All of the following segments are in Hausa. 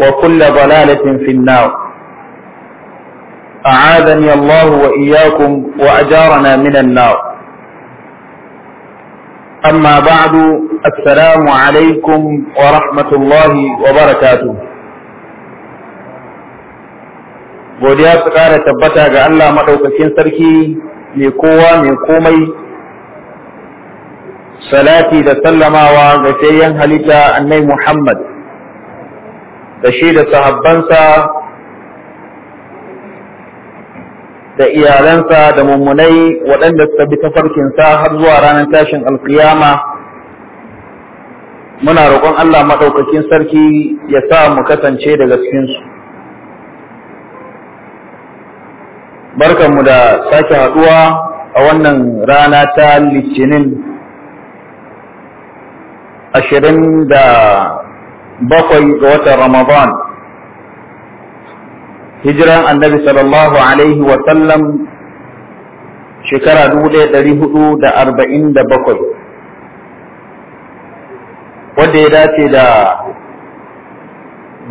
وكل ضلالة في النار أعاذني الله وإياكم وأجارنا من النار أما بعد السلام عليكم ورحمة الله وبركاته godiya su ƙara tabbata ga Allah maɗaukakin sarki mai kowa mai komai salati da sallamawa ga fayyan halitta annai Muhammad da shi da sahabbansa da iyalansa da mummunai waɗanda suka bi tafarkinsa har zuwa ranar tashin alkiyama muna roƙon Allah maɗaukakin sarki ya sa mu kasance da gaskinsu. barkanmu da sake haɗuwa a wannan rana ta litinin ashirin da bakwai ga watan Ramadan hijiran annabi sallallahu alaihi wa sallam shekara dubu ɗaya ɗari hudu da arba'in da bakwai wadda ya dace da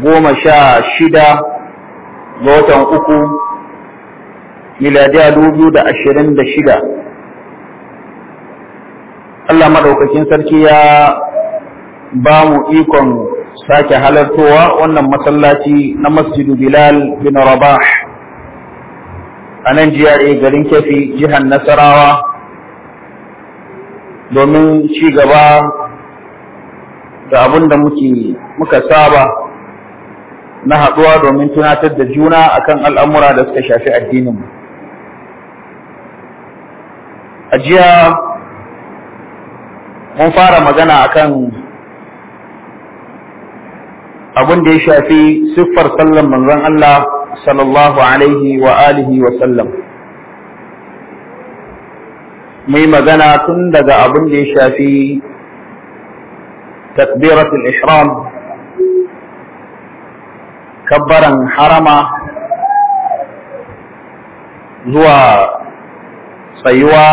goma sha shida ga watan uku miladiya dubu da ashirin da shida Allah maɗaukakin sarki ya ba mu ikon sake halartowa wannan masallaci na masjidu bilal bin rabah a nan GRA garin kefi jihar nasarawa domin ci gaba da abin da muka saba na haɗuwa domin tunatar da juna akan al'amura da suka shafi addininmu. A jiya mun fara magana akan abin da ya shafi siffar sallan manzon Allah sallallahu alaihi wa alihi wa sallam mai magana tun daga abin da ya shafi takbiratul ihram kabbaran harama zuwa tsayuwa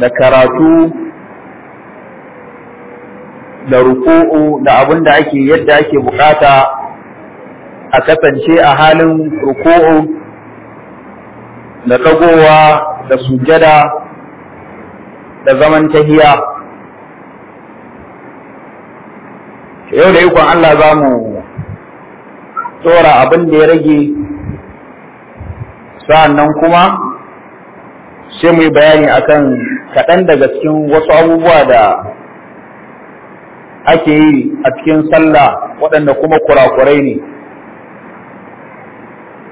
da karatu da ruku'u da abin da ake yadda ake bukata a kasance a halin ruku'u da tagowa da sujada da zaman tahiya yau da ikon Allah za mu tsora abin da ya rage sa'annan kuma sai mu yi bayani akan kaɗan daga cikin wasu abubuwa da ake yi a cikin sallah waɗanda kuma kurakurai ne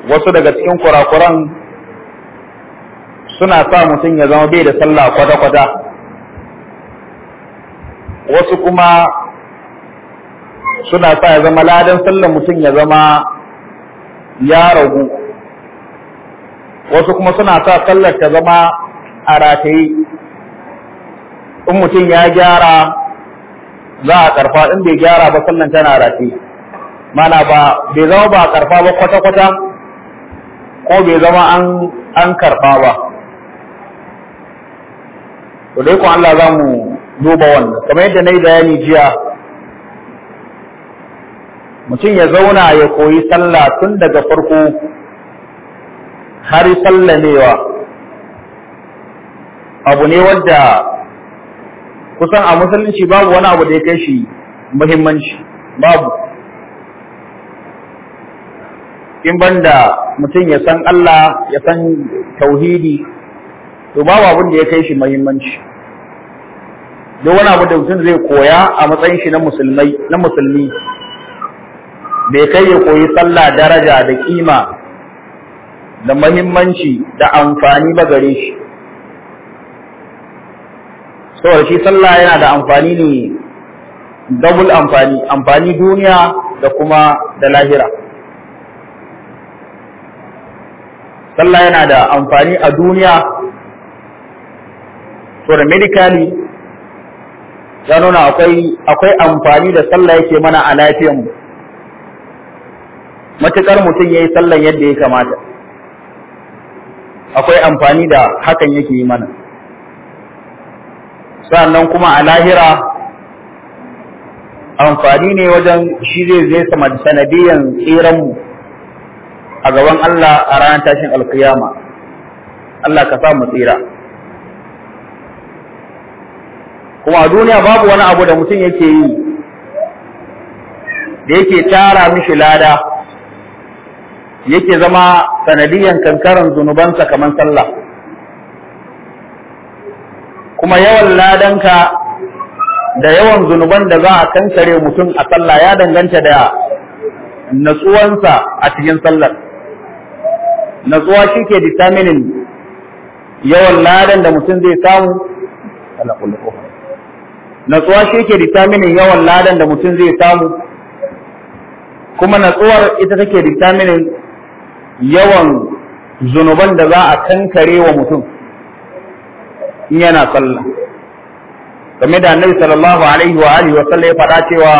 wasu daga cikin kurakuran suna sa mutum ya zama bai da sallah kwata-kwata wasu kuma suna sa ya zama ladan sallah mutum ya zama ya ragu wasu kuma suna sa sallar ta zama a rataye in mutum ya gyara za a karfa in bai gyara ba sannan tana rafi mana ba bai zama ba karfa ba kwata-kwata ko bai zama an karfa ba to dai ko Allah za mu duba wannan kamar yadda na yi bayani jiya mutum ya zauna ya koyi sallah tun daga farko har sallamewa abu ne wanda. kusan a musulunci babu wani abu da ya kai shi muhimmanci babu in banda mutum ya san Allah ya san tauhidi to babu abin da ya kai shi muhimmanci duk wani abu da mutum zai koya a matsayin shi na musulmai na musulmi bai kai ya koyi sallah daraja da kima da muhimmanci da amfani ba gare shi saboda shi sallah yana da amfani ne double amfani amfani duniya da kuma da lahira sallah yana da amfani a duniya da medically ya nuna akwai akwai amfani da sallah yake mana a mu. matuƙar mutum ya yi sallan yadda ya kamata akwai amfani da hakan yake yi mana sannan kuma a lahira amfani ne wajen shi zai zai sama sanadiyan tsiranmu a gaban Allah a ranar tashin alkiyama Allah ka sa mu tsira kuma a duniya babu wani abu da mutum yake yi da yake tara mishi lada yake zama sanadiyan kankaran zunubansa kamar sallah kuma yawan ladanka da yawan zunuban da za a kankare mutum a sallah ya danganta da natsuwansa a cikin sallar natsuwa shi ke determining yawan ladan da mutum zai samu natsuwa shi ke determining yawan ladan da mutum zai samu kuma natsuwar ita take determining yawan zunuban da za a kankare wa mutum in yana sallah game da annabi sallallahu alaihi wa alihi wa sallam ya faɗa cewa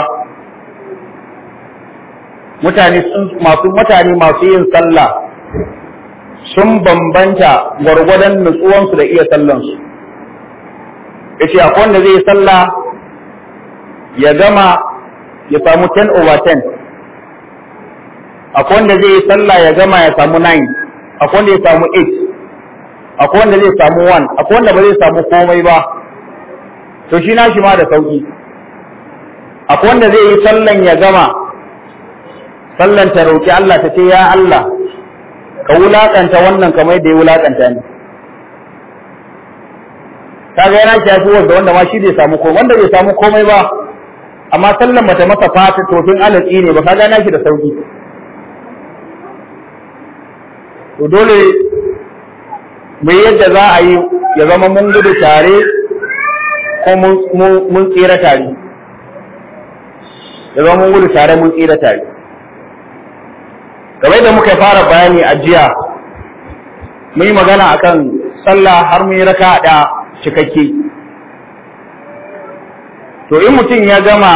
mutane sun masu mutane masu yin sallah sun bambanta gwargwadon nutsuwansu da iya sallansu yace akwai wanda zai sallah ya gama ya samu 10 over 10 akwai wanda zai sallah ya gama ya samu 9 akwai wanda ya samu 8 akwai wanda zai samu wan akwai wanda ba zai samu komai ba to shi na shi ma da sauki akwai wanda zai yi sallan ya gama sallan ta roki Allah ta ce ya Allah ka wulakanta wannan kamar da ya wulakanta ni ga yana shafi wanda wanda ma shi bai samu komai wanda bai samu komai ba amma sallan bata masa fata tun alatsi ne ba kaga nashi da sauki to dole Mai yadda za a yi ya zama mun gudu tare ko mun tsira tare ya zama mun gudu tare mun tsira tare kamar da muka fara bayani a jiya mun yi magana akan sallah har mun yi raka da cikakke to in mutum ya gama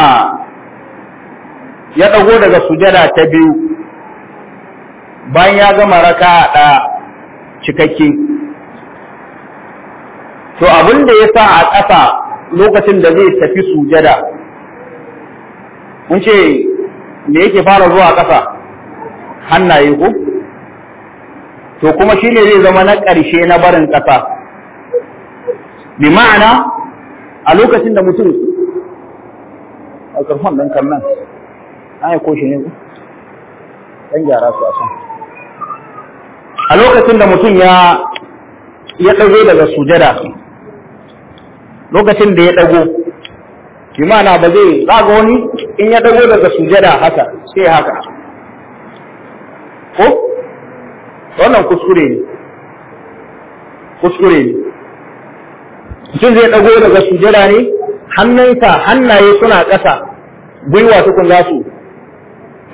ya ɗago daga sujada ta biyu bayan ya gama raka da cikakke to abin da ya sa a ƙasa lokacin da zai tafi sujada mun ce me yake fara zuwa ƙasa hannaye ko to kuma shine zai zama na ƙarshe na barin ƙasa bi ma'ana a lokacin da mutum a ƙarfan ɗan kannan an yi shi ne ɗan gyara su a can a lokacin da mutum ya ya ɗago daga sujada lokacin da ya dago kimana ba zai zaga wani in ya dago daga sujada haka sai haka ko wannan kuskure ne kuskure ne mutum zai dago daga sujada ne hannunsa hannaye suna ƙasa gwiwa tukun za su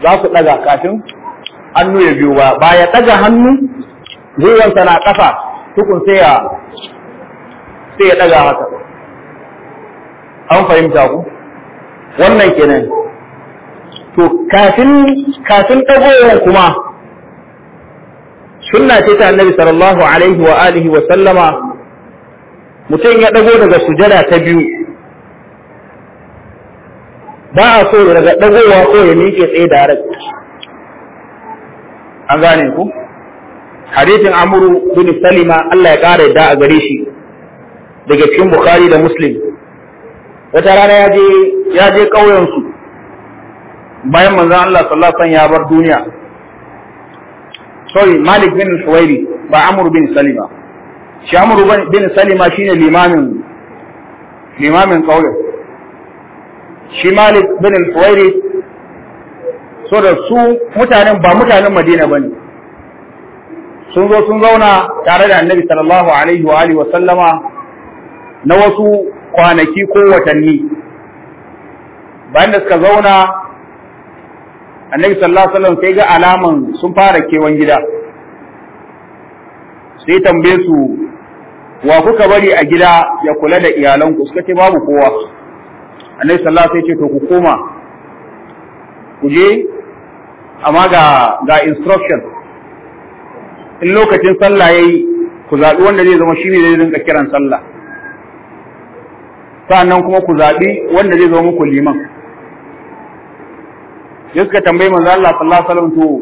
za su daga kafin hannu ya biyo ba ba ya daga hannu gwiwansa na ƙasa tukun sai ya sai ya daga haka an fahimta ku wannan kenan to kafin kafin dagowar kuma sunna ce ta annabi sallallahu alaihi wa alihi wa sallama mutum ya dago daga sujada ta biyu ba a so daga dagowa ko ya miƙe tsaye da harar an gane ku hadithin amuru bin salima Allah ya ƙara yadda a gare shi daga cikin bukhari da muslim wata rana ya je ya je kauyen su bayan manzon Allah sallallahu alaihi wasallam ya bar duniya sorry Malik bin Suwairi ba Amr bin Salima shi Amr bin Salima shine limamin limamin kauyen shi Malik bin Suwairi so da su mutanen ba mutanen Madina bane sun zo sun zauna tare da Annabi sallallahu alaihi wa alihi wa sallama na wasu kwanaki ko watanni bayan da suka zauna annabi sallallahu alaihi wasallam sai ga alaman sun fara kewan gida sai tambaye su wa kuka bari a gida ya kula da iyalanku suka ce babu kowa annabi sallallahu alaihi wasallam sai ce to ku koma ku je amma ga ga instruction in lokacin sallah yayi ku zaɓi wanda zai zama shi ne zai rinka kiran sallah sannan kuma ku zaɓi wanda zai zo muku liman ya suka tambayi manzo Allah sallallahu alaihi wasallam to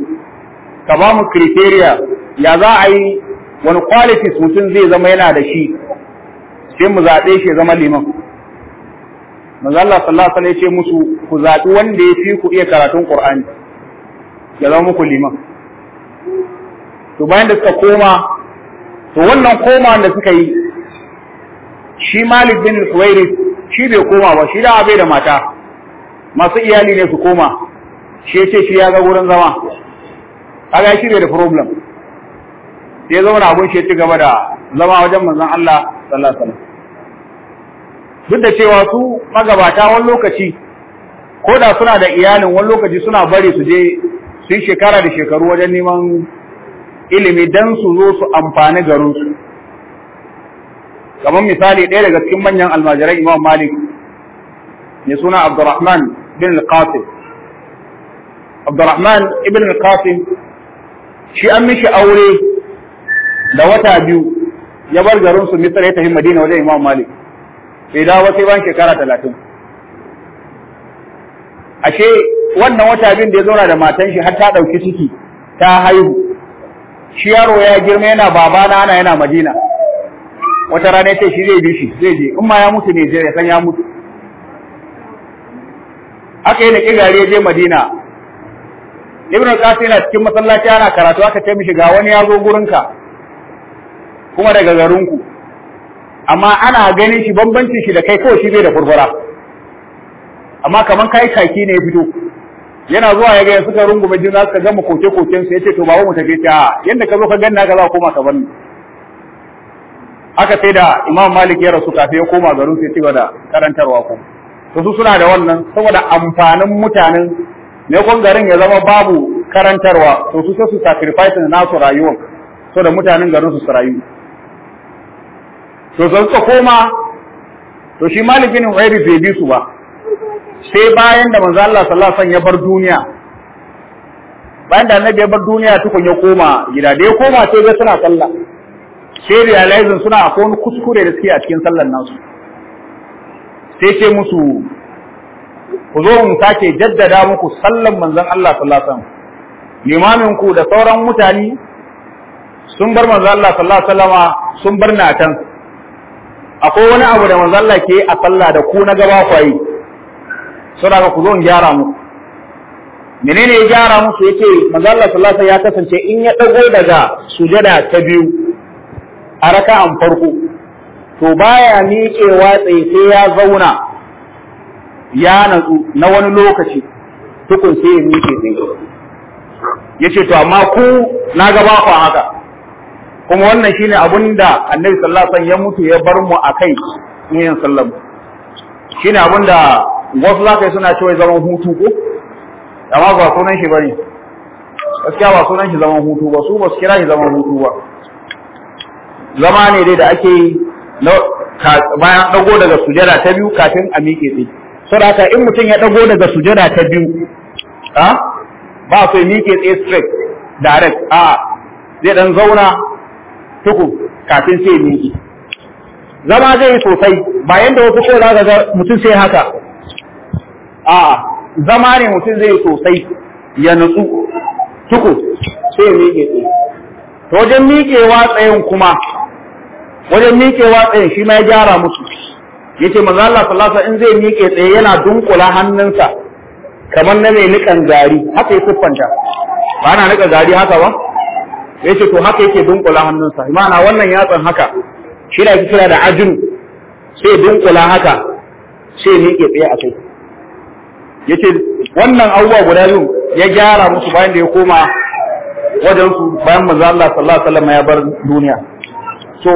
ka ba mu criteria ya za a yi wani quality mutum zai zama yana da shi sai mu zaɓe shi ya zama liman manzo Allah sallallahu alaihi wasallam ya ce musu ku zaɓi wanda ya fi ku iya karatun Qur'ani ya zama muku liman to bayan da suka koma to wannan koma da suka yi shi Malik bin Suwairis shi bai koma ba shi da bai da mata masu iyali ne su koma shi yace shi ya ga gurin zama kaga shi bai da problem sai ya zauna abun shi ya ci gaba da zama wajen manzon Allah sallallahu alaihi wasallam duk da cewa su magabata wani lokaci ko da suna da iyalin wani lokaci suna bari su je sun shekara da shekaru wajen neman ilimi dan su zo su amfani garinsu kamar misali ɗaya daga cikin manyan almajiran imam malik mai suna abdurrahman bin al-qasim abdurrahman ibn al-qasim shi an mishi aure da wata biyu ya bar garin su misra ya tafi madina wajen imam malik Sai dawo sai ban shekara talatin ashe wannan wata biyun da ya zauna da matan shi har ta ɗauki ciki ta haihu shi yaro ya girma yana babana ana yana madina wata rana ce shi zai bi shi zai je in ma ya mutu ne ya san ya mutu aka yi naki gari je Madina Ibn Qasim yana cikin masallaci ana karatu aka ce mishi ga wani ya zo gurinka kuma daga garinku amma ana ganin shi bambancin shi da kai ko shi bai da furfura amma kaman kai kaki ne ya fito yana zuwa ya ga suka rungume jin za su ga mu koke koken su yace to babu mu tafi ta yanda ka zo ka ganna ka za koma ka bani aka sai da imam malik ya rasu kafin ya koma garin sai cewa da karantarwa ko to su suna da wannan saboda amfanin mutanen ne kon garin ya zama babu karantarwa to su sai su sacrifice na su rayuwar so da mutanen garin su su rayu to zan ka koma to shi malik bin uwairi bai bi su ba sai bayan da manzo Allah sallallahu alaihi wasallam ya bar duniya bayan da annabi ya bar duniya tukun ya koma gida da ya koma sai ga suna sallah sai realizing suna akwai wani kuskure da suke a cikin sallar nasu sai ce musu ku zo mu sake jaddada muku sallan manzon Allah sallallahu alaihi wasallam limamin ku da sauran mutane sun bar manzon Allah sallallahu alaihi wasallama sun bar na can akwai wani abu da manzon Allah ke a sallah da ku na gaba ku yi ga ku zo gyara mu menene ya gyara musu yace manzon Allah sallallahu alaihi wasallam ya kasance in ya dago daga sujada ta biyu a raka'an farko to baya miƙewa tsaye sai ya zauna ya natsu na wani lokaci tukun sai ya miƙe tsaye ce to amma ku na gaba ba ku haka kuma wannan shine abin da Annabi sallallahu ya mutu ya bar mu a kai yin sallam shine abun da wasu zakai suna cewa zaman hutu ko amma ba sunan shi bane gaskiya ba sunan shi zaman hutu ba su ba su kira shi zaman hutu ba zama ne dai da ake yi bayan ɗago daga sujada ta biyu kafin a miƙe tsaye saboda haka in mutum ya ɗago daga sujada ta biyu ba su yi miƙe tsaye straight direct a zai ɗan zauna tuku kafin sai miƙe zama zai yi sosai bayan da wasu ko za ga mutum sai haka a zama ne mutum zai yi sosai ya nutsu tuku sai miƙe tsaye to wajen miƙewa tsayin kuma wajen miƙewa tsaye shi ma ya gyara musu ya manzo Allah sallallahu alaihi in zai miƙe tsaye yana dunkula hannunsa kamar na mai nikan gari haka ya siffanta ba na nika gari haka ba Ya ce to haka yake dunkula hannunsa imana wannan yatsan haka shi da kira da ajin sai dunkula haka sai miƙe tsaye a kai ce wannan abubuwa guda biyu ya gyara musu bayan da ya koma wajensu bayan manzo Allah sallallahu alaihi wasallam ya bar duniya so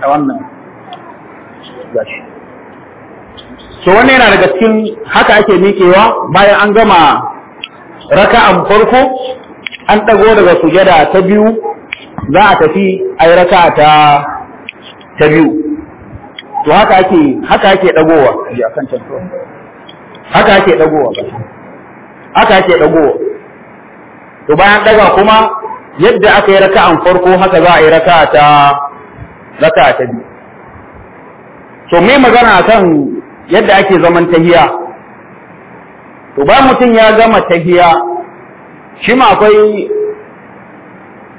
da wannan so wannan yana daga cikin haka ake miƙewa bayan an gama raka'an farko an ɗago daga sujada ta biyu za a tafi a yi raka ta ta biyu to haka ake haka ake dagowa a kan can haka ake dagowa haka ake dagowa to bayan daga kuma yadda aka yi raka'an farko haka za a yi raka ta zaka ta bi. to mai magana kan yadda ake zaman tahiya to ba mutum ya gama tahiya shi ma akwai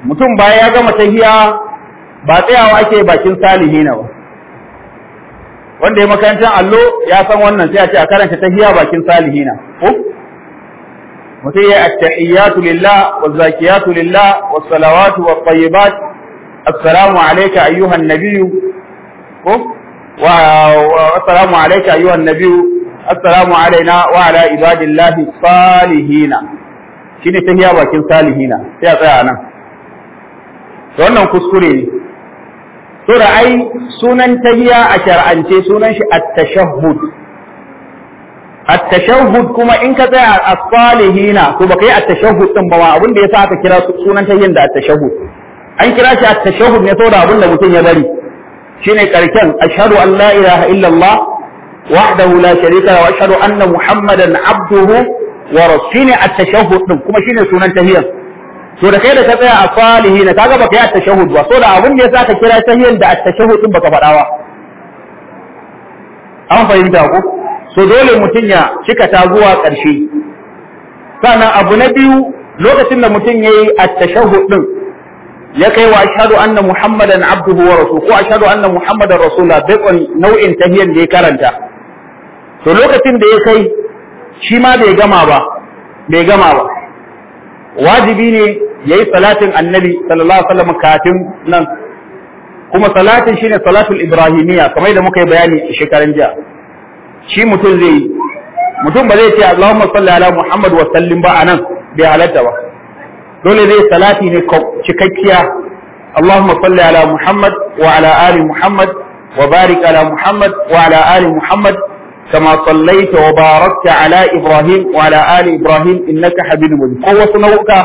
mutum baya ya gama tahiya ba tsayawa ake bakin salihi na ba wanda ya makarantar allo ya san wannan sai a ce a karanta tahiya bakin salihi na mutum ya yi attahiyyatu lillah wa zakiyatu lillah wa salawatu wa tayyibat assalamu alayka ayyuhan nabiyyu assalamu alayka ayyuhan nabiyyu assalamu alaina wa ala ibadillahi salihina shine tahiya bakin salihina sai a tsaya nan to wannan kuskure ne to da ai sunan tahiya a shar'ance sunan shi at-tashahhud at-tashahhud kuma in ka tsaya a salihina to baka yi at din ba abin da yasa aka kira sunan tahiyan da an kira shi a tashahud ne saboda abin da mutum ya bari Shi ne karken ashhadu an la ilaha illallah wahdahu la sharika wa ashhadu anna muhammadan abduhu wa rasuluhu a tashahud din kuma shi ne sunan tahiyya To da kai da ka tsaya a salihin ka ga baka yi at-tashahud ba so da abin da yasa ka kira tahiyyan da at-tashahud din baka faɗa ba an fahimta ku so dole mutum ya cika ta zuwa ƙarshe sannan abu na biyu lokacin da mutum ya yi at-tashahud din ya kai wa ashhadu anna muhammadan abduhu wa rasuluhu ko ashhadu anna muhammadan rasulullah bakon nau'in tahiyyar da ya karanta to lokacin da ya kai shi ma bai gama ba bai gama ba wajibi ne yayi salatin annabi sallallahu alaihi wasallam kafin nan kuma salatin shine salatul ibrahimiyya kamar da muka yi bayani shekaran jiya shi mutum zai mutum ba zai ce Allahumma salli ala Muhammad wa sallim ba anan bai halatta ba dole zai salati ne cikakkiya Allahumma salli ala Muhammad wa ala ali Muhammad wa barik ala Muhammad wa ala ali Muhammad kama sallaita wa barakta ala Ibrahim wa ala ali Ibrahim innaka Hamidum Majid ko wasu nau'uka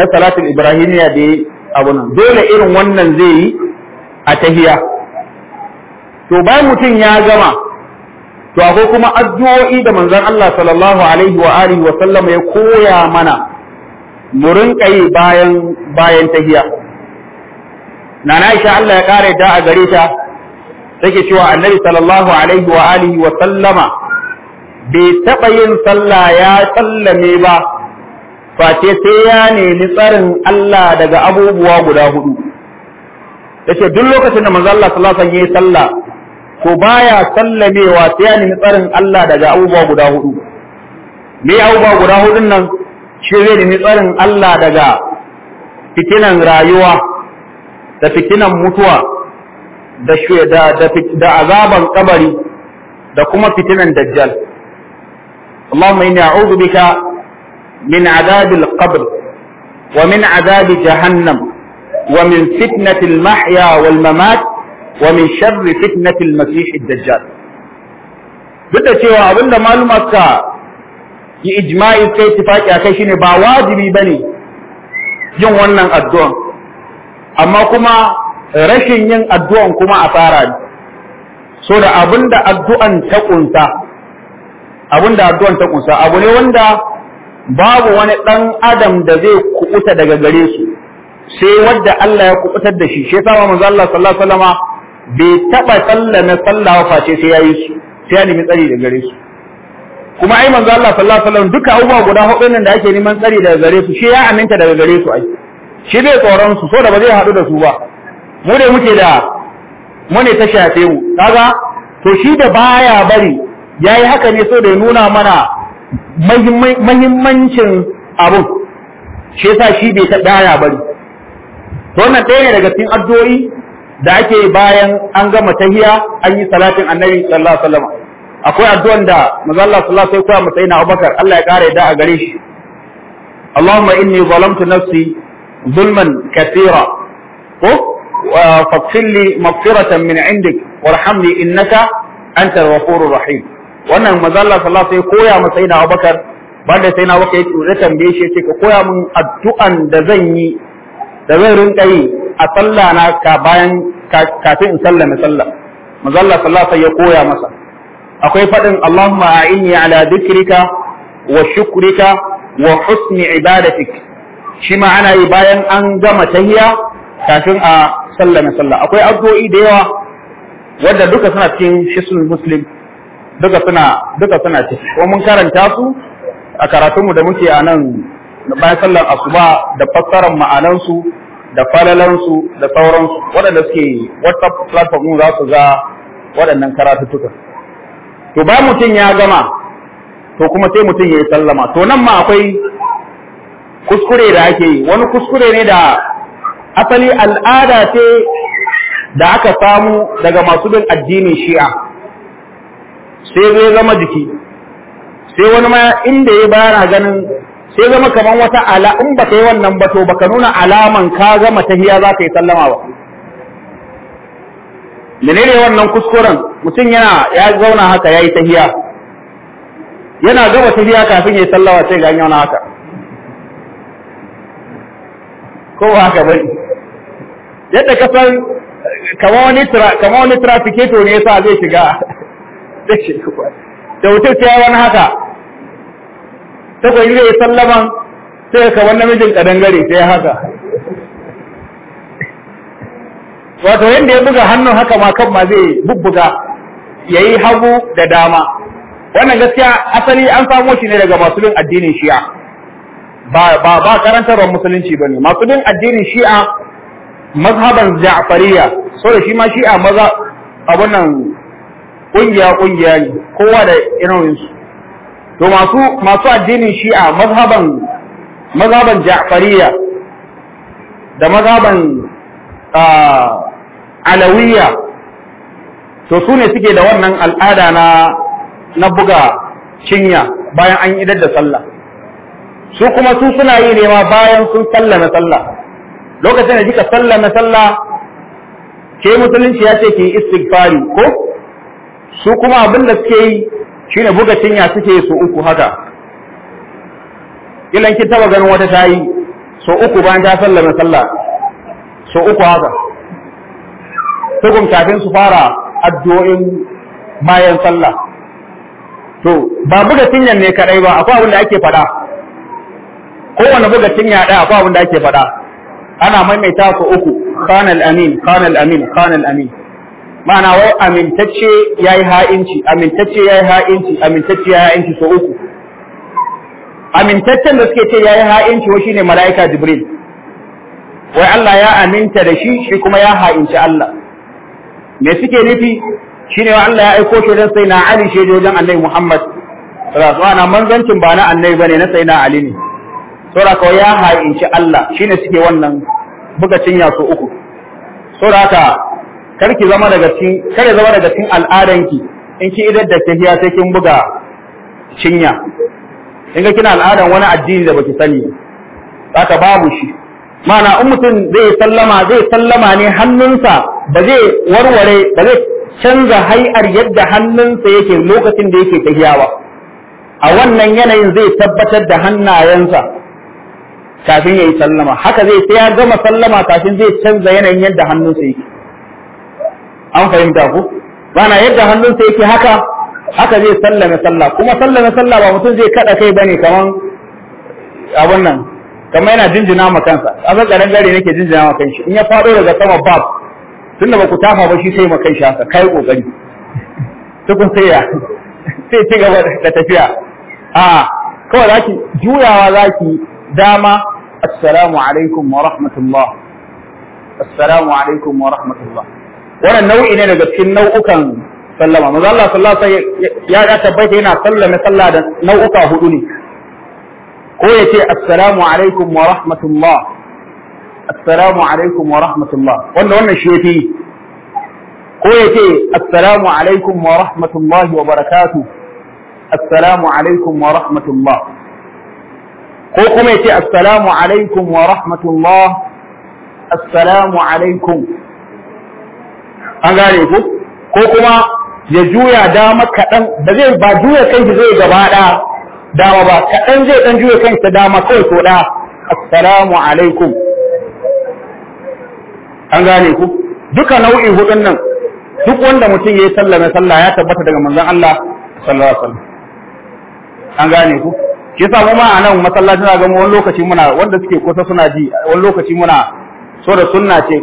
na salatin Ibrahimiyya da abu nan dole irin wannan zai yi a tahiya to bayan mutum ya gama to akwai kuma addu'o'i da manzon Allah sallallahu alaihi wa alihi wa sallam ya koya mana mu rinka yi bayan bayan tahiya nana Aisha Allah ya kare ta a gare ta take cewa Annabi sallallahu alaihi wa alihi wa sallama bai taba yin sallah ya sallame ba face sai ya nemi tsarin Allah daga abubuwa guda hudu yace duk lokacin da manzo Allah sallallahu alaihi wa sallam sallah to baya sallamewa sai ya nemi tsarin Allah daga abubuwa guda hudu me abubuwa guda hudun nan shi zai nemi tsarin Allah daga fitinan rayuwa da fitinan mutuwa da da da da azaban kabari da kuma fitinan dajjal اللهم إني أعوذ بك من عذاب القبر ومن عذاب جهنم ومن فتنة المحيا والممات ومن شر فتنة المسيح الدجال بدأت يا أبن ما yi ijma'i kai tifaki akai shine ba wajibi bane yin wannan addu'an amma kuma rashin yin addu'an kuma a fara ne so da abinda addu'an ta kunsa abinda addu'an ta ƙunsa, abu ne wanda babu wani dan adam da zai kuɓuta daga gare su sai wadda Allah ya kuɓutar da shi shi sama manzo Allah sallallahu alaihi wasallama bai taba na sallawa face sai yayi su sai ya nemi tsari daga gare su kuma ai manzo Allah sallallahu alaihi wasallam duka abubuwa guda hudu nan da ake neman tsari daga gare su shi ya aminta daga gare su ai shi bai tsoron su so da ba zai hadu da su ba mu dai muke da mu ne ta shafe mu kaga to shi da baya bari yayi haka ne so da ya nuna mana mahimmancin abun shi yasa shi bai ta daya bari to wannan ɗaya ne daga cikin addu'o'i da ake bayan an gama tahiya an yi salatin annabi sallallahu alaihi wasallam akwai addu'an da manzo Allah sallallahu alaihi wasallam sai na Abubakar Allah ya kare da a gare shi Allahumma inni zalamtu nafsi zulman katira ko faghfir li maghfiratan min indik warhamni innaka antal ghafurur rahim wannan manzo Allah sallallahu alaihi wasallam koya masa ina Abubakar banda sai na Abubakar ya tambaye shi ce ka koya min addu'an da zan yi da zan rinka yi a sallah na ka bayan kafin in sallame sallah manzo Allah sallallahu alaihi wasallam ya koya masa akwai faɗin Allahumma a'inni ala dhikrika wa shukrika wa husni ibadatik shi ma ana yi bayan an gama tahiya kafin a na sallah akwai addu'o'i da yawa wanda duka suna cikin shisul muslim duka suna duka suna ciki ko mun karanta su a karatunmu da muke a nan bayan sallar asuba da fassarar ma'anansu da falalansu da sauransu waɗanda suke whatsapp platform za su ga waɗannan karatuttukan to ba mutum ya gama to kuma sai mutum ya yi sallama to nan ma akwai kuskure da ake yi wani kuskure ne da asali al'ada ce da aka samu daga masu bin addinin shi'a sai zai zama jiki sai wani ma inda ya bayana ganin sai zama kamar wata ala in ba ta yi wannan ba to baka nuna alaman ka gama tahiya za ka yi sallama ba menene wannan kuskuren mutum yana ya zauna haka yayi tahiya yana gaba tahiya kafin ya sallawa sai ga yana haka ko haka bane yadda ka san kama wani kama wani trafficator ne yasa zai shiga da wutar sai wani haka ta kwayi zai sallaman sai ka wannan mijin kadangare sai haka wato yadda ya buga hannun haka ma kan ma zai bubbuga ya yi hagu da dama wannan gaskiya asali an samo shi ne daga masu bin addinin shi'a ba ba ba karantarwar musulunci ba ne masu bin addinin shi'a mazhaban ja'fariya so da shi ma shi'a maza a wannan kungiya kungiya ne kowa da irin su to masu masu addinin shi'a mazhaban mazhaban ja'fariya da mazhaban ah alawiya to su ne suke da wannan al'ada na na buga cinya bayan an idar da sallah su kuma su suna yi ne ma bayan sun sallah na sallah lokacin da kika sallah na sallah ke musulunci ya ce ki istighfari ko su kuma abin da suke yi shine buga cinya suke su uku haka kilan kin taba ganin wata tayi so uku bayan ta na sallah so uku haka tukun kafin su fara addu'o'in bayan sallah to ba buga cinyar ne kadai ba akwai abin da ake faɗa kowane buga cinya ɗaya akwai abin da ake faɗa ana maimaita su uku kana al-amin kana al-amin kana al-amin ma'ana wai amintacce yayi ha'inci amintacce yayi ha'inci amintacce yayi ha'inci so uku amintaccen da suke ce yayi ha'inci wa shine mala'ika jibril wai Allah ya aminta da shi shi kuma ya ha'inci Allah me suke nufi shine wa Allah ya aiko shi dan sai na Ali shi wajen Annabi Muhammad sallallahu alaihi manzancin ba na Annabi bane na sai na Ali ne saboda kawai ya ha'inci Allah shine suke wannan buga cinya su uku saboda ka karki zama daga cikin kare zama daga cikin al'adanki in ki idar da tahiya sai kin buga cinya in ga kina al'adan wani addini da baki sani ba ka babu shi mana in mutum zai sallama zai sallama ne hannunsa ba zai warware ba zai canza hai'ar yadda hannunsa yake lokacin da yake tahiyawa a wannan yanayin zai tabbatar da hannayensa kafin ya yi sallama haka zai sai ya gama sallama kafin zai canza yanayin yadda hannunsa yake an fahimta ku mana yadda hannunsa yake haka haka zai sallame sallah kuma sallame sallah ba mutum zai kada kai bane kaman abun nan kamar yana jinjina ma kansa azan garan gare nake jinjina ma kanshi in ya faɗo daga sama bab tunda ba ku tafa ba shi sai ma kanshi haka kai kokari tukun sai ya sai ci gaba da tafiya a kawai zaki juyawa zaki dama assalamu alaikum wa rahmatullah assalamu alaikum wa rahmatullah wannan nau'i ne daga cikin nau'ukan sallama manzo Allah sallallahu alaihi wasallam ya tabbata yana sallama sallah da nau'uka hudu ne ko ya ce assalamu alaikum wa rahmatullah assalamu alaikum wa rahmatullah wanda wannan shi yafi ko ya ce assalamu alaikum wa rahmatullahi wa barakatu. assalamu alaikum wa rahmatullah ko kuma ya ce assalamu alaikum wa rahmatullah assalamu alaikum an gane ku ko kuma ya juya dama kaɗan ba zai ba juya kai zai gaba ɗaya dama ba kaɗan zai ɗan juya kanka dama kawai ko ɗaya assalamu alaikum an gane ku duka nau'in hudun nan duk wanda mutum ya yi sallame sallah ya tabbata daga manzon Allah sallallahu alaihi wasallam an gane ku ke samu ma a nan masallaci na ga wani lokaci muna wanda suke kusa suna ji wani lokaci muna so da sunna ce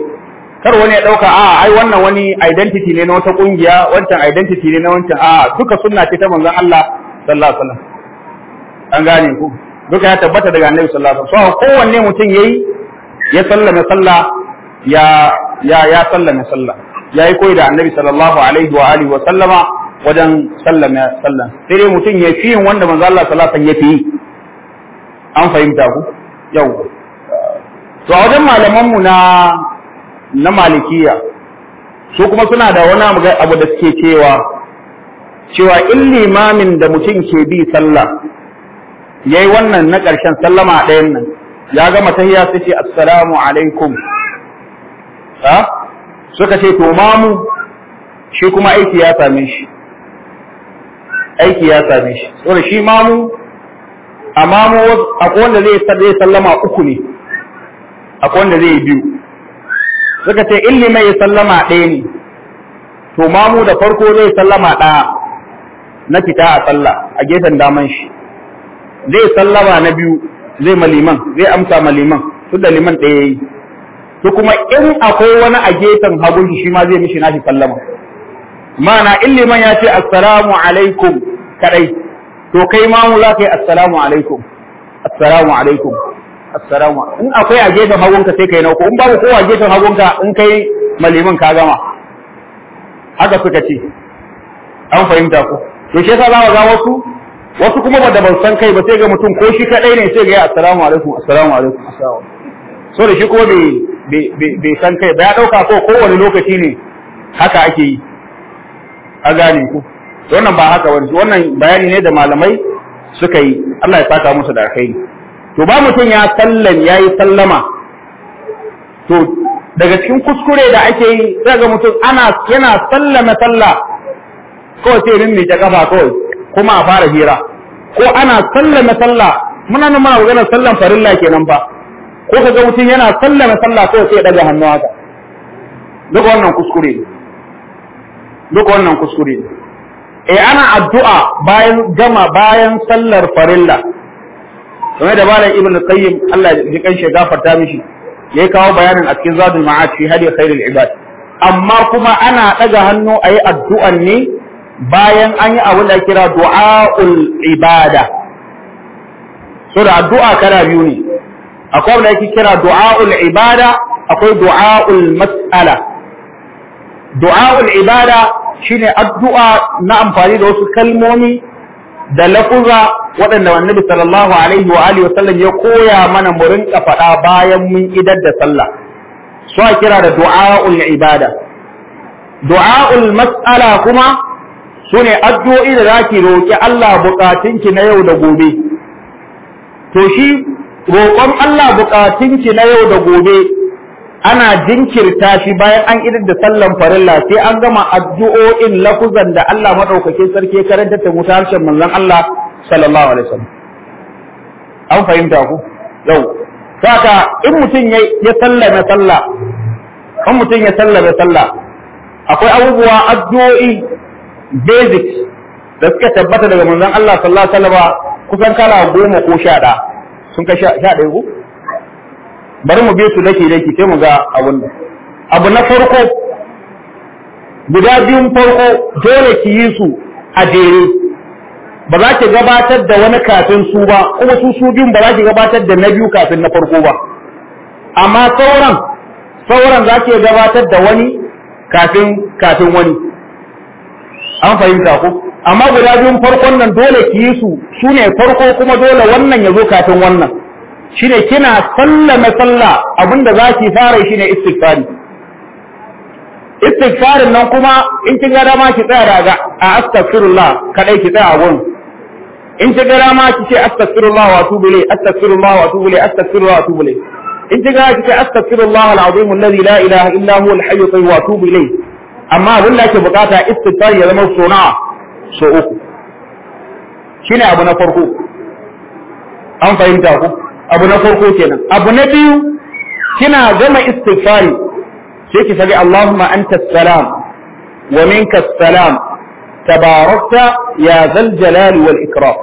kar wani ya dauka a ai wannan wani identity ne na wata kungiya wancan identity ne na wancan a duka sunna ce ta manzon Allah sallallahu alaihi wasallam an gane ku duka ya tabbata daga annabi sallallahu alaihi wasallam so kowanne mutum yayi ya sallama sallah ya ya ya sallama sallah yayi koyi da annabi sallallahu alaihi wa alihi wa sallama wajen sallama sallah. sai dai mutum ya fi wanda manzo Allah sallallahu alaihi wasallam ya fi an fahimta ku yau to a wajen malaman mu na na malikiya su kuma suna da wani abu da suke cewa cewa in limamin da mutum ke bi sallah yayi wannan na ƙarshen sallama ɗayan nan ya gama tahiyya sai ce assalamu alaikum ha suka ce to mamu shi kuma aiki ya same shi aiki ya same shi saboda shi mamu a mamu akwai wanda zai sallama uku ne akwai wanda zai biyu suka ce illi mai sallama ɗaya ne to mamu da farko zai sallama ɗaya na fita a sallah a gefen daman shi zai sallama na biyu zai maliman zai amsa maliman su da liman ɗaya yi to kuma in akwai wani a gefen hagun shi ma zai mishi nashi sallama mana in liman ya ce assalamu alaikum kadai to kai mamu za ka yi assalamu alaikum assalamu alaikum assalamu in akwai a gefen hagunka sai kai nauko in babu kowa a gefen hagunka in kai maliman ka gama haka suka ce an fahimta ku to shi yasa za ga wasu wasu kuma ba da ban san kai ba sai ga mutum ko shi kadai ne sai ga ya assalamu alaikum assalamu alaikum so da shi kuma bai san kai ba ya dauka ko kowane lokaci ne haka ake yi a gane ku wannan ba haka wani wannan bayani ne da malamai suka yi Allah ya saka musu da alkhairi to ba mutum ya sallan ya yi sallama to daga cikin kuskure da ake yi daga mutum ana yana sallama sallah kawai sai rin mai ta kafa kawai kuma a fara hira ko ana sallama sallah muna nan muna maganar sallan farilla kenan fa ko kaga mutum yana sallama sallah ko sai ya daga hannu haka duk wannan kuskure ne duk wannan kuskure ne eh ana addu'a bayan gama bayan sallar farilla kamar da malam ibnu qayyim Allah ya kan shi gafarta mishi yayi kawo bayanin a cikin zadul ma'ad fi hadi khairul ibad amma kuma ana daga hannu ayi addu'an ne bayan an yi abin da kira du'a'ul ibada so da addu'a kana biyu ne akwai abin da yake kira du'a'ul ibada akwai du'a'ul mas'ala du'a'ul ibada shine addu'a na amfani da wasu kalmomi da lafuza waɗanda annabi sallallahu alaihi wa alihi wasallam ya koya mana mu rinka faɗa bayan mun idar da sallah so a kira da du'a'ul ibada du'a'ul mas'ala kuma su ne addu'o'i da za ki roƙi Allah buƙatunki na yau da gobe to shi roƙon Allah buƙatunki na yau da gobe ana jinkirta shi bayan an idar da sallan farilla sai an gama addu'o'in lafuzan da Allah maɗaukakin sarki karanta ta mutu harshen manzon Allah sallallahu alaihi wasallam an fahimta ku yau saka in mutum ya sallame sallah in mutum ya sallame sallah akwai abubuwa addu'o'i basic da suka tabbata daga manzon Allah sallallahu alaihi wasallam kusan kala goma ko sha ɗaya sun ka sha ɗaya ko bari mu bi su laki laki sai mu ga abun abu na farko guda biyun farko dole ki yi su a jere ba za ki gabatar da wani kafin su ba kuma su su biyun ba za ki gabatar da na biyu kafin na farko ba amma sauran sauran za ki gabatar da wani kafin kafin wani an fahimta ku amma guda biyun farkon nan dole ki yi su su ne farko kuma dole wannan ya zo kafin wannan shi ne kina sallame sallah abinda za ki fara shi ne istikfari. Istikfarin nan kuma in kin ga dama ki tsaya daga a astaghfirullah kadai ki tsaya a gurin in kin ga dama ki ce astaghfirullah wa atubu ilayhi astaghfirullah wa atubu ilayhi astaghfirullah wa atubu ilayhi in kin ga ki ce astaghfirullah al-azim alladhi la ilaha illa huwa al-hayy wa atubu ilayhi amma abin da ake bukata istighfar ya zama so nawa so uku shine abu na farko an fahimta ku abu na farko kenan abu na biyu kina gama istighfari sai ki sabi Allahumma anta salam wa minka salam tabarakta ya zal jalal wal ikram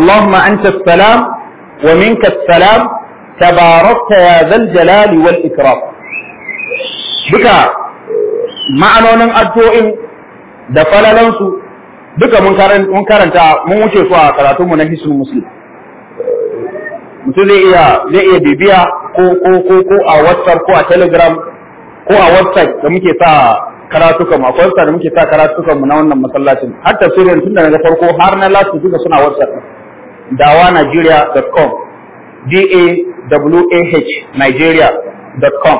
Allahumma anta salam wa minka salam tabarakta ya zal jalal wal ikram duka ma'anonin addu'o'in da falalansu duka mun karanta mun wuce su a karatunmu na hisul muslim mutum zai iya zai iya bibiya ko ko ko ko a whatsapp ko a telegram ko a WhatsApp da muke sa karatukan a akwai da muke sa karatukan mu na wannan masallacin har tafsirin tun da na farko har na last duka suna website dawanigeria.com d a w a h nigeria.com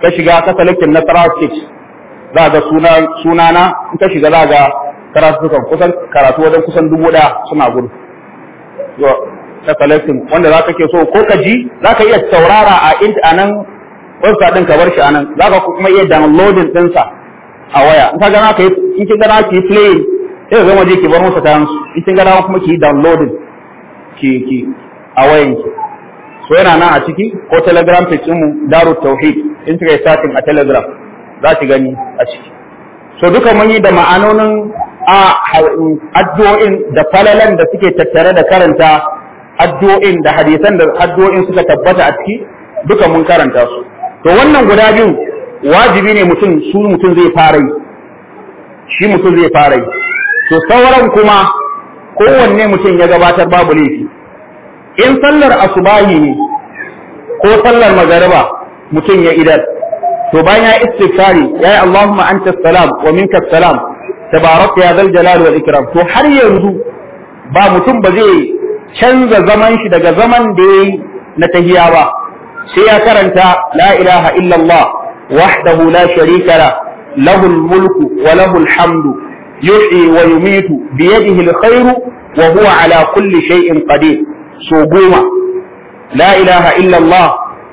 ka shiga ka salakin na state za ga suna na in ka shiga za ga karatu sukan kusan karatu wajen kusan dubu ɗaya suna gudu ta collecting wanda za ka ke so ko ka ji za ka iya saurara a a nan wasu ɗin ka bar shi a nan za ka kuma iya downloadin ɗinsa a waya in ka gana ka yi in ki gana ki play sai zama je ki bar musu ta su in ki gana kuma ki downloadin ki ki a wayan ki so yana nan a ciki ko telegram page mu daru tauhid in kika yi a telegram za ki gani a ciki so duka mun yi da ma'anonin a addu'o'in da falalan da suke tattare da karanta addu'o'in da hadisan da addu'o'in suka tabbata a ciki duka mun karanta su to wannan guda biyu wajibi ne mutum su mutum zai fara yi shi mutum zai fara yi to sauran kuma kowanne mutum ya gabatar babu laifi in sallar asubahi ne ko sallar magariba mutum ya idar to bayan ya istighfari ya yi Allahumma anta salam wa minka salam tabarak ya zal jalal wal ikram to har yanzu ba mutum ba zai canza zaman shi daga zaman da yayi na tahiya ba sai ya karanta la ilaha illallah wahdahu la sharika la lahul mulku wa lahul hamdu yuhyi wa yumitu bi yadihi al khairu wa huwa ala kulli shay'in qadir so goma la ilaha illallah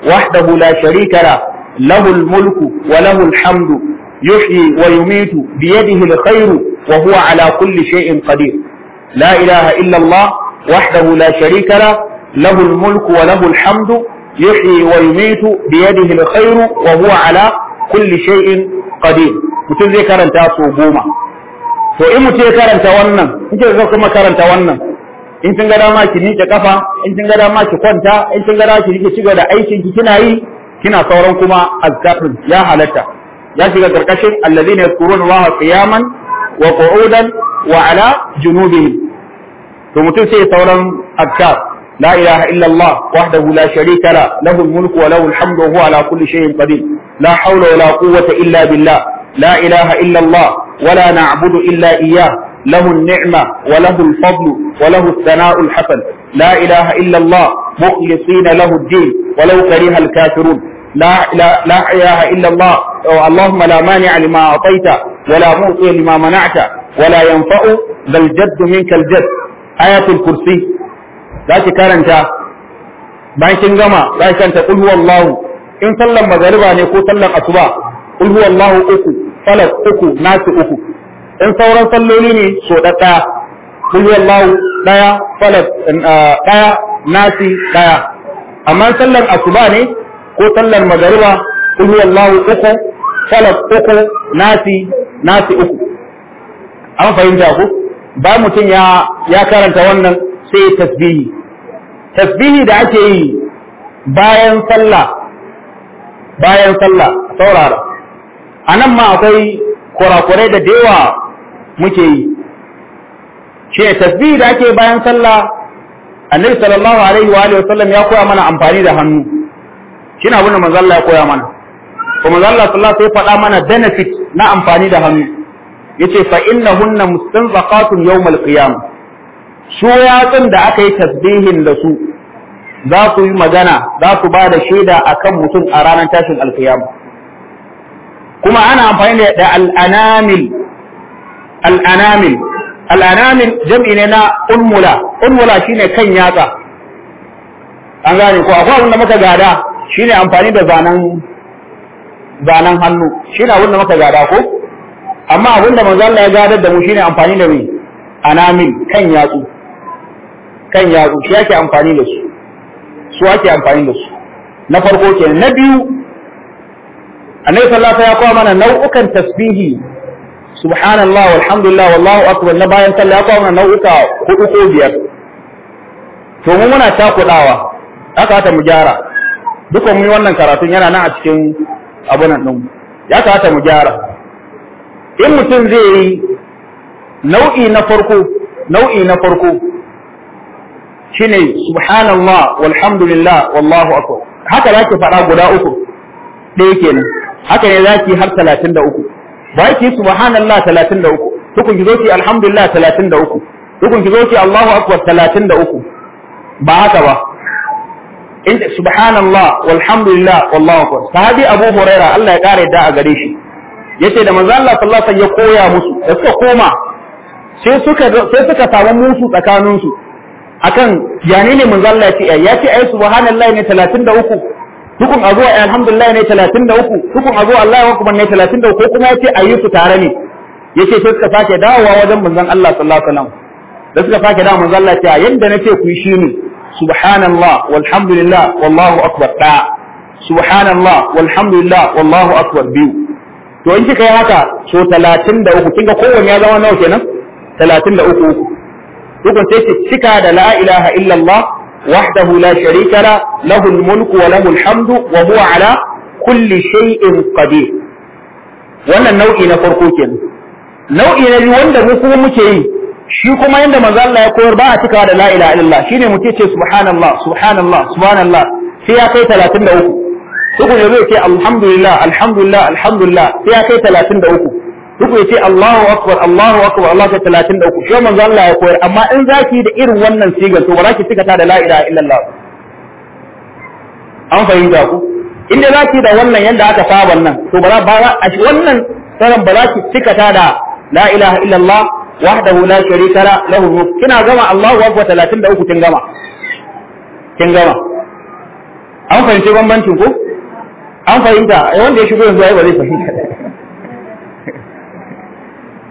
wahdahu la sharika la lahul mulku wa lahul hamdu yuhyi wa yumitu biyadihi wa huwa ala kulli shay'in qadir la ilaha illallah, Allah wahdahu la sharika la lahul mulku wa lahul hamdu yuhyi wa yumitu biyadihi wa huwa ala mutum zai karanta to in mutum ya karanta wannan in kika kuma karanta wannan in kin ga dama ki nike kafa in kin ga dama ki kwanta in kin ga dama ki rike da aikin ki kina yi kina sauran kuma azzafin ya halatta ya shiga karkashin allazina yadhkurun allaha qiyaman wa qu'udan wa ala junubihim to sai sauran azkar la ilaha illa allah wahdahu la la lahu almulku wa lahu alhamdu wa huwa ala kulli shay'in qadir la haula wala la quwwata illa billah la ilaha illa wala wa la na'budu illa iyyah له النعمة وله الفضل وله la ilaha لا إله إلا الله مخلصين له الدين ولو كره الكافرون لا, لا, لا إله إلا الله اللهم لا مانع لما أعطيت ولا معطي لما منعت ولا ينفع ذا الجد منك الجد آية الكرسي لا ذاك كارنتا باين كنغما ذاك أنت قل هو الله إن سلم مغربا يقول صلى أصبا قل هو الله أكو فلق أكو ناس أكو إن صورا صلوا لي سودتا قل هو الله لا فلق لا ناسي لا أما سلم أصبا ko sallar magariba kun yi Allahu uku salaf uku nasi nasi uku an fahimta ku ba mutum ya ya karanta wannan sai tasbihi tasbihi da ake yi bayan sallah bayan sallah saurara anan ma akwai kurakurai da dewa muke yi shi tasbihi da ake bayan sallah annabi sallallahu alaihi wa alihi wasallam ya koya mana amfani da hannu shine abin da manzo Allah ya koya mana to manzo Allah sallallahu alaihi wasallam ya faɗa mana benefit na amfani da hannu yace fa innahunna mustanzaqatun yawmal qiyam su yatsun da aka yi tasbihin da su za su yi magana za su ba da shaida akan mutum a ranar tashin alkiyama kuma ana amfani da al'anamil al'anamil al'anamil jam'i ne na unmula unmula shine kan yatsa an gane ko akwai abin da muka gada shine amfani da zanen zanen hannu shine abin da muka gada ko amma abin da manzo Allah ya gada da mu shine amfani da me anamin kan yatsu kan yatsu shi ake amfani da su su ake amfani da su na farko ke na biyu annabi sallallahu alaihi wasallam ya kawo mana nau'ukan tasbihi subhanallah walhamdulillah wallahu akbar na bayan sallah ya kawo mana nau'uka hudu ko biyar to mu muna takudawa haka ta mu gyara duka mun yi wannan karatun yana nan a cikin nan ɗin ya kamata mu gyara in mutum zai yi nau'i na farko nau'i na farko shine subhanallah walhamdulillah wallahu akbar haka zaki faɗa guda uku ɗaya kenan haka ne zaki har 33 ba ki subhanallah 33 tukun ki zo ki alhamdulillah 33 tukun ki zo ki allahu akbar 33 ba haka ba inda subhanallah walhamdulillah wallahu akbar sahabi abu huraira Allah ya kare da a gare shi yace da manzo Allah sallallahu alaihi wasallam ya koya musu da suka koma sai suka sai suka samu musu tsakanin su akan yani ne manzo Allah ya ce ya ce ai subhanallahi ne 33 hukun azo ai alhamdulillah ne 33 hukun azo Allahu akbar ne 33 ko kuma yace ayi su tare ne yace sai suka sake dawowa wajen manzon Allah sallallahu alaihi wasallam da suka sake dawowa manzo Allah ya ce yanda nace ku yi shi ne subhanallah walhamdulillah wallahu akbar da subhanallah walhamdulillah wallahu akbar biyu to in kika yi haka so talatin da uku, kinga kowanne ya zama nawa kenan talatin da uku dukkan sai ki cika da la ilaha illallah wahdahu la sharika la lahul mulku wa lahul hamdu wa huwa ala kulli shay'in qadir wannan nau'i na farko kenan nau'i na biyu wanda mu kuma muke yi shi kuma yadda manzo Allah ya koyar ba a cikawa da la ilaha illallah shine mutum ce subhanallah subhanallah subhanallah sai ya kai 33 duk ya zai ce alhamdulillah alhamdulillah alhamdulillah sai ya kai 33 duk ya ce Allahu akbar Allahu akbar Allah ta 33 shi manzo Allah ya koyar amma in zaki da irin wannan sigar to ba za ki cikata da la ilaha illallah an fahimta ku inda zaki da wannan yanda aka saba nan to ba za ba wannan sanan ba za ki cikata da la ilaha illallah wahdahu la sharika la lahu kina gama Allahu akbar 33 kin gama kin gama an fahimci bambancin ku? an fahimta wanda ya shigo yanzu ai ba zai fahimta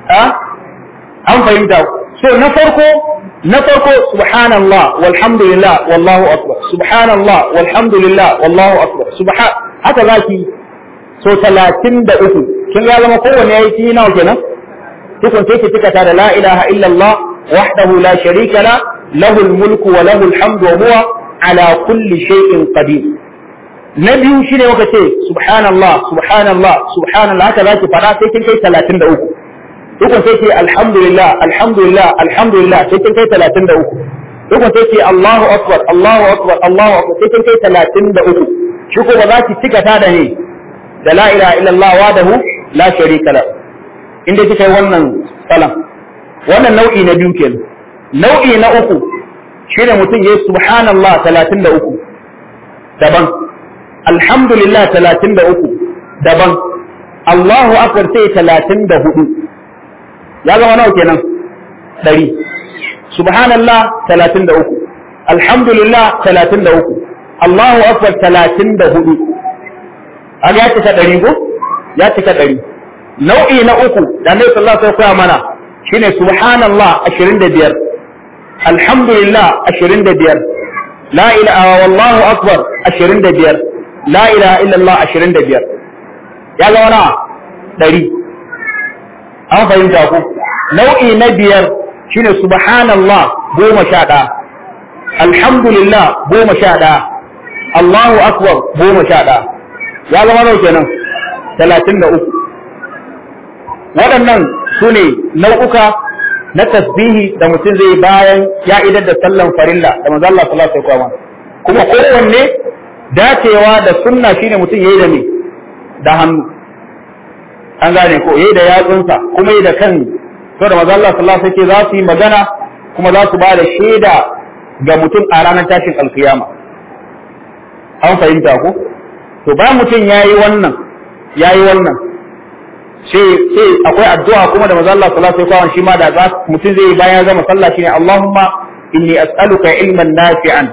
a an fahimta so na farko na farko subhanallah walhamdulillah wallahu akbar subhanallah walhamdulillah wallahu akbar subhan haka zaki so 33 kin ga zama kowanne yayi kina kenan da تكتا لا إله إلا la وحده لا شريك له له الملك وله الحمد وهو على كل شيء قدير na biyu shi ne muka ce subhanallah subhanallah subhanallah haka za ki fara sai kin kai talatin da uku dukkan sai ce alhamdulillah alhamdulillah alhamdulillah sai kin kai talatin da uku dukkan sai ce allahu akbar allahu akbar allahu akbar sai kin kai talatin da uku shi kuma ba za ki cika ta da ne da la ilaha illallah wahdahu la sharika lahu inda kika yi wannan salam wannan nau'i na biyu kenan nau'i na uku shine mutum ya yi subhanallah 33 daban alhamdulillah 33 daban Allahu akbar sai 34 ya zama nawa kenan 100 subhanallah 33 alhamdulillah 33 Allahu akbar 34 aga ya cika 100 ko ya cika 100 nau'i na uku da annabi sallallahu alaihi wasallam mana shine subhanallah 25 alhamdulillah 25 la ilaha wallahu akbar 25 la ilaha illallah 25 ya ga wana 100 an fahimta ku nau'i na biyar shine subhanallah 11 alhamdulillah 11 Allahu akbar 11 ya zama nau kenan 33 waɗannan su ne nau'uka na tasbihi da mutum zai bayan ya idar da sallan farilla da manzo Allah sallallahu kuma kowanne dacewa da sunna shine mutum yayi da ne da hannu an gane ko yayi da yatsunsa kuma yayi da kan to da manzo Allah sallallahu za su yi magana kuma za su ba da shaida ga mutum a ranar tashin alkiyama an fahimta ko to ba mutum yayi wannan yayi wannan sai akwai addu'a kuma da manzo Allah sallallahu alaihi wasallam shi ma da mutum zai bayan zama sallah shine Allahumma inni as'aluka ilman nafi'an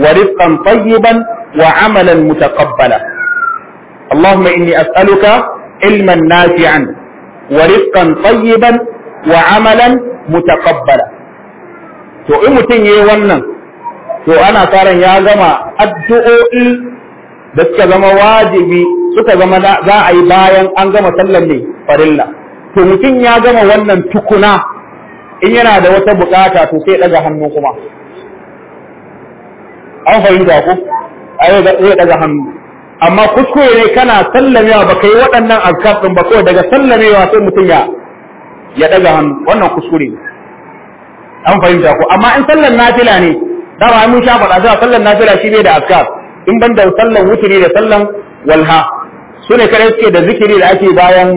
wa rizqan tayyiban wa amalan mutaqabbala Allahumma inni as'aluka ilman nafi'an wa rizqan tayyiban wa amalan mutaqabbala to in mutum yayi wannan to ana karan ya gama addu'o'i da suka zama wajibi suka zama za a yi bayan an gama sallar ne farilla to mutum ya gama wannan tukuna in yana da wata bukata to sai daga hannu kuma an fahimta ko ai zai daga hannu amma kuskure ne kana sallamewa ba kai waɗannan azkar din ba kawai daga sallamewa sai mutum ya ya daga hannu wannan kuskure ne an fahimta ko amma in sallar nafila ne ba mun sha faɗa cewa sallar nafila shi ne da azkar in ban da sallar wuturi da sallar walha su ne kare suke da zikiri da ake bayan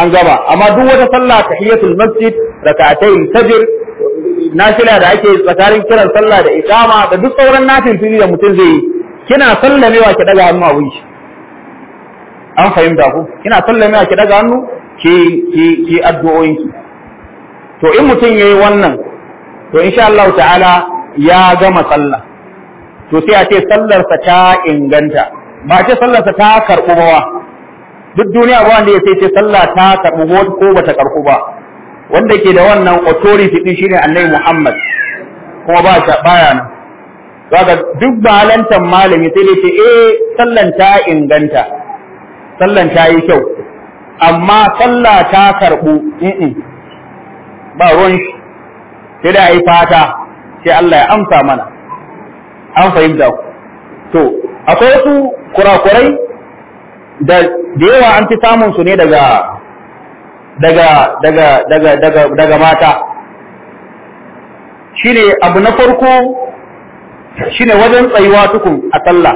an gaba amma duk wata sallah tahiyatul masjid rak'atayn fajr nafila da ake tsakarin kiran sallah da ikama da duk sauran nafil fili da mutum zai yi kina sallamewa ki daga hannu abun shi an fahimta ku kina sallamewa ki daga hannu ki ki ki addu'o'in to in mutum yayi wannan to insha Allah ta'ala ya gama sallah to sai a ce sallarsa ta inganta ba ce sallarsa ta karɓu ba wa duk duniya ba wanda ya sai ce sallah ta karɓu ko bata karɓu ba wanda ke da wannan authority din shine Annabi Muhammad kuma ba ta baya nan kaga duk balantan malami sai dai ce eh sallan ta inganta sallan ta yi kyau amma sallah ta karɓu ba ruwan shi sai da yi fata sai Allah ya amsa mana an fahimta ku to akwai wasu kurakurai da da yawa an fi samun su ne daga daga daga daga daga daga mata shine abu na farko shine wajen tsayuwa tukun a sallah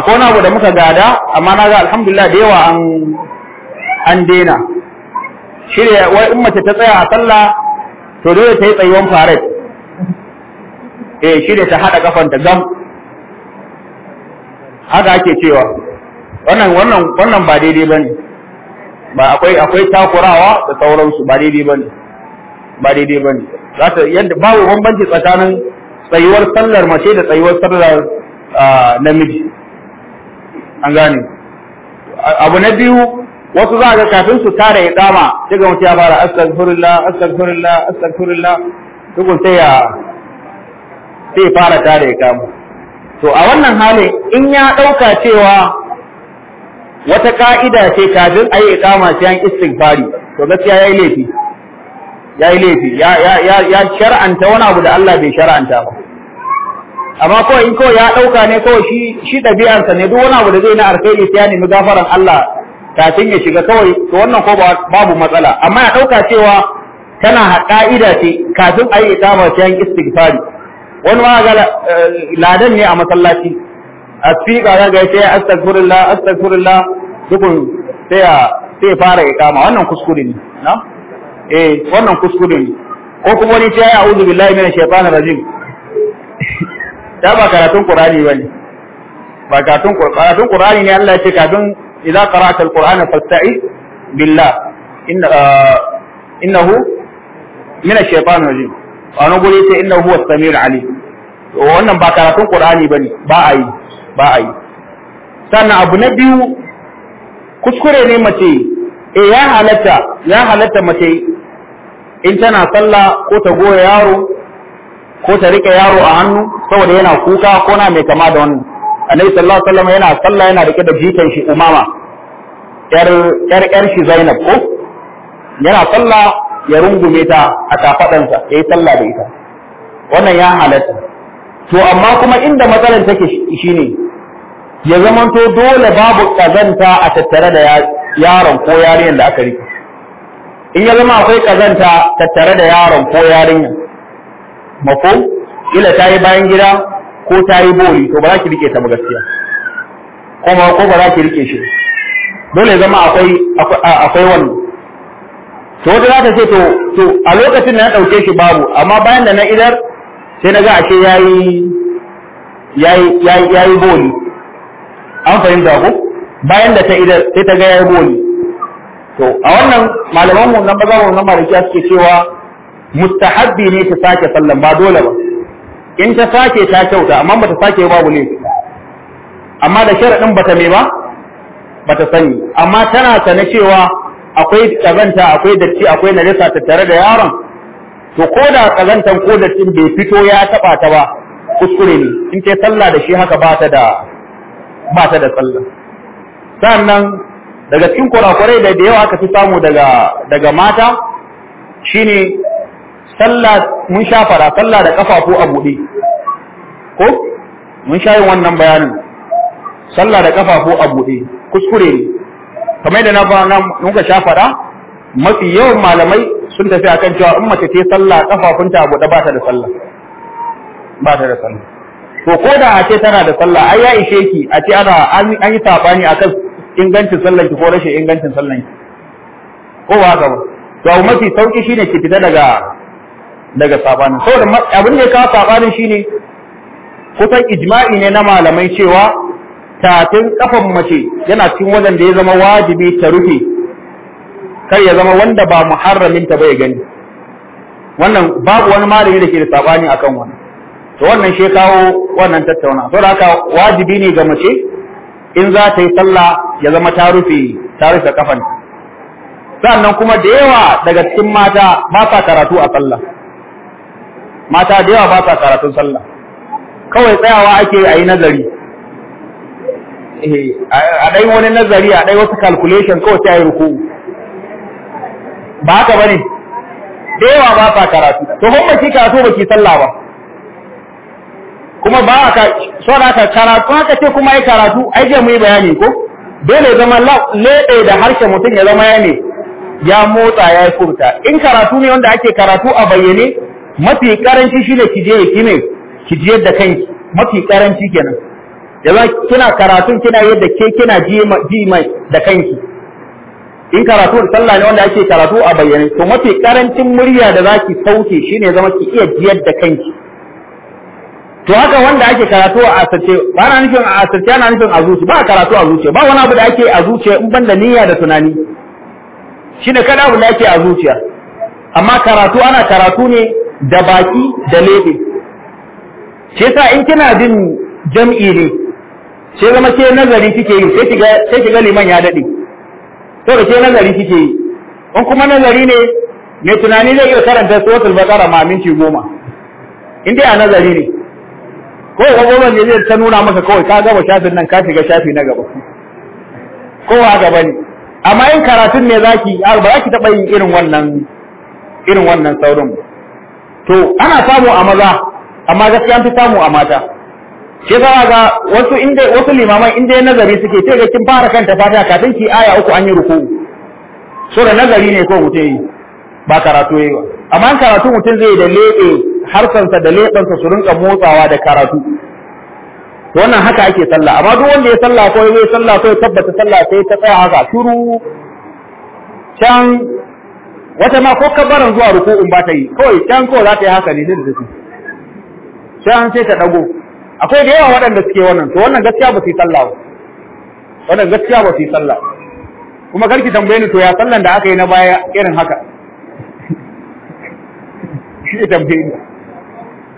akwai wani abu da muka gada amma na ga alhamdulillah da yawa an an dena shine wai in mace ta tsaya a sallah to dole ta yi tsayuwan faret eh shine ta hada kafanta gam haka ake cewa wannan wannan wannan ba daidai bane ba akwai akwai takurawa da sauransu ba daidai bane ba daidai bane zata yadda babu bambanci tsakanin tsayuwar sallar mace da tsayuwar sallar namiji an gane abu na biyu wasu za ga kafin su tare ya dama daga mutum ya fara astaghfirullah astaghfirullah astaghfirullah dukun sai ya sai fara tare ya kama to a wannan hali, in ya ɗauka cewa wata ka'ida ce kafin a yi ikama sai an istighfari to gaskiya ya yi laifi ya yi laifi ya shar'anta wani abu da Allah bai shar'anta ba amma kawai in kawai ya ɗauka ne kawai shi shi ɗabi'arsa ne duk wani abu da zai na alkhairi sai ya nemi gafaran Allah kafin ya shiga kawai to wannan ko babu matsala amma ya ɗauka cewa tana haƙa'ida ce kafin a yi ikama sai an istighfari wani ma ga eh, ladan ne a masallaci a fiƙa za ga sai astaghfirullah astaghfirullah dukun sai sai fara iqama wannan kuskure ne na eh wannan kuskure ne ko kuma wani sai a'udhu billahi minash shaitanir rajim Ta ba karatun qur'ani bane ba karatun karatun qur'ani ne Allah ya ce kafin idza qara'ta al-qur'ana fasta'iz billah inna eh, innahu minash shaitanir rajim wani guri ce inna huwa samir ali wannan ba karatun qur'ani bane ba a ba a yi sannan abu na biyu kuskure ne mace eh ya halatta ya halatta mace in tana sallah ko ta goya yaro ko ta rike yaro a hannu saboda yana kuka ko na mai kama da wannan annabi sallallahu alaihi wasallam yana sallah yana rike da jikan shi umama yar yar shi zainab ko yana sallah ya rungume ta a kafadanta ya yi sallah da ita wannan ya halatta to amma kuma inda matsalar take ne. ya zamanto dole babu kazanta a tattare da yaron ko yarinyar da aka rike in ya zama akwai kazanta tattare da yaron ko yarinyar mako ila ta yi bayan gida ko ta yi boli to ba za ki rike ta ba gaskiya ko ba za ki rike shi dole zama akwai akwai wannan to wata za ta ce to to a lokacin da na ɗauke shi babu amma bayan da na idar sai na ga ashe yayi yayi yayi boli an fahimta ku. bayan da ta idar sai ta ga yayi boli to a wannan malaman mu na bazawar na malikiya suke cewa mustahabbi ne ta sake sallan ba dole ba in ta sake ta kyauta amma ba ta sake babu ne amma da sharadin bata me ba bata sani amma tana sana cewa akwai kazanta akwai datti akwai najasa tare da yaron to ko da kazantan ko dattin bai fito ya taba ta ba kuskure ne in kai sallah da shi haka ba ta da ba ta da sallah sannan daga cikin kurakurai da da yawa aka fi samu daga daga mata shine sallah mun sha fara sallah da kafafu a buɗe ko mun sha yin wannan bayanin sallah da kafafu a buɗe kuskure ne kamar da na ba na muka sha fara mafi yawan malamai sun tafi akan cewa in mace ce sallah kafafunta abu da ba ta da sallah ba ta da sallah to ko da a ce tana da sallah ai ya ishe ki a ce ana an yi sabani akan ingancin sallan ki ko rashin ingancin sallan ki ko ba haka ba to abu mafi sauki shine ki fita daga daga sabanin saboda abin da ya kawo sabanin shine kusan ijma'i ne na malamai cewa tafin kafan mace yana cikin wajen da ya zama wajibi ta rufe kar ya zama wanda ba muharramin ta bai gani wannan babu wani malami da ke da sabani akan wannan to wannan shi kawo wannan tattauna to da haka wajibi ne ga mace in za ta yi sallah ya zama ta rufe ta rufe kafan sannan kuma da yawa daga cikin mata ba sa karatu a sallah mata da yawa ba sa karatun sallah kawai tsayawa ake yi a yi nazari Eh, a dai wani nazari a dai wasu calculation kawai ta yi ruku ba haka ba ne da yawa ba sa karatu to kuma ki karatu ba ki sallah ba kuma ba ka so da ka karatu haka ce kuma ai karatu ai je mu yi bayani ko dole zama lede da harshe mutum ya zama ya ya motsa ya yi furta in karatu ne wanda ake karatu a bayyane mafi karanci shine ki je ki ne ki je da kanki mafi karanci kenan yanzu kina karatun kina yadda ke kina ji mai da kanki in karatu sallah ne wanda ake karatu a bayyane to mafi karancin murya da zaki sauke shine zama ki iya jiyar da kanki to haka wanda ake karatu a asirce ba na nufin a asirce ana nufin a zuci ba karatu a zuciya ba wani abu da ake a zuciya in banda niyya da tunani shine kada abu da ake a zuciya amma karatu ana karatu ne da baki da lebe shi yasa in kina jin jam'i ne sai zama ce nazari kike yi sai kiga sai kiga liman ya dade to da ce nazari kike yi in kuma nazari ne mai tunani zai iya karanta suratul baqara ma minti goma in dai a nazari ne ko ga goma ne zai ta nuna maka kawai ka gaba shafin nan ka shiga shafi na gaba Ko wa gaba ne amma in karatun ne zaki ba zaki taba yin irin wannan irin wannan saurin to ana samu a maza amma gaskiya an fi samu a mata shi yasa ga wasu inda wasu limaman inda ya nazari suke ce ga kin fara kanta fata kafin ki aya uku an yi ruku so da nazari ne ko mutum yi ba karatu yayi ba amma karatu mutum zai da lebe harsansa da lebansa su rinka motsawa da karatu to wannan haka ake sallah amma duk wanda ya sallah ko ya sallah ko ya tabbata sallah sai ta tsaya haka turu. can wata ma ko kabaran zuwa ruku'un ba ta yi kawai can ko za ta yi haka ne da su can sai ta dago akwai da yawa waɗanda suke wannan to wannan gaskiya ba su yi sallah ba wannan gaskiya ba su yi sallah kuma karki tambaye ni to ya sallan da aka yi na baya irin haka shi ne tambaye ni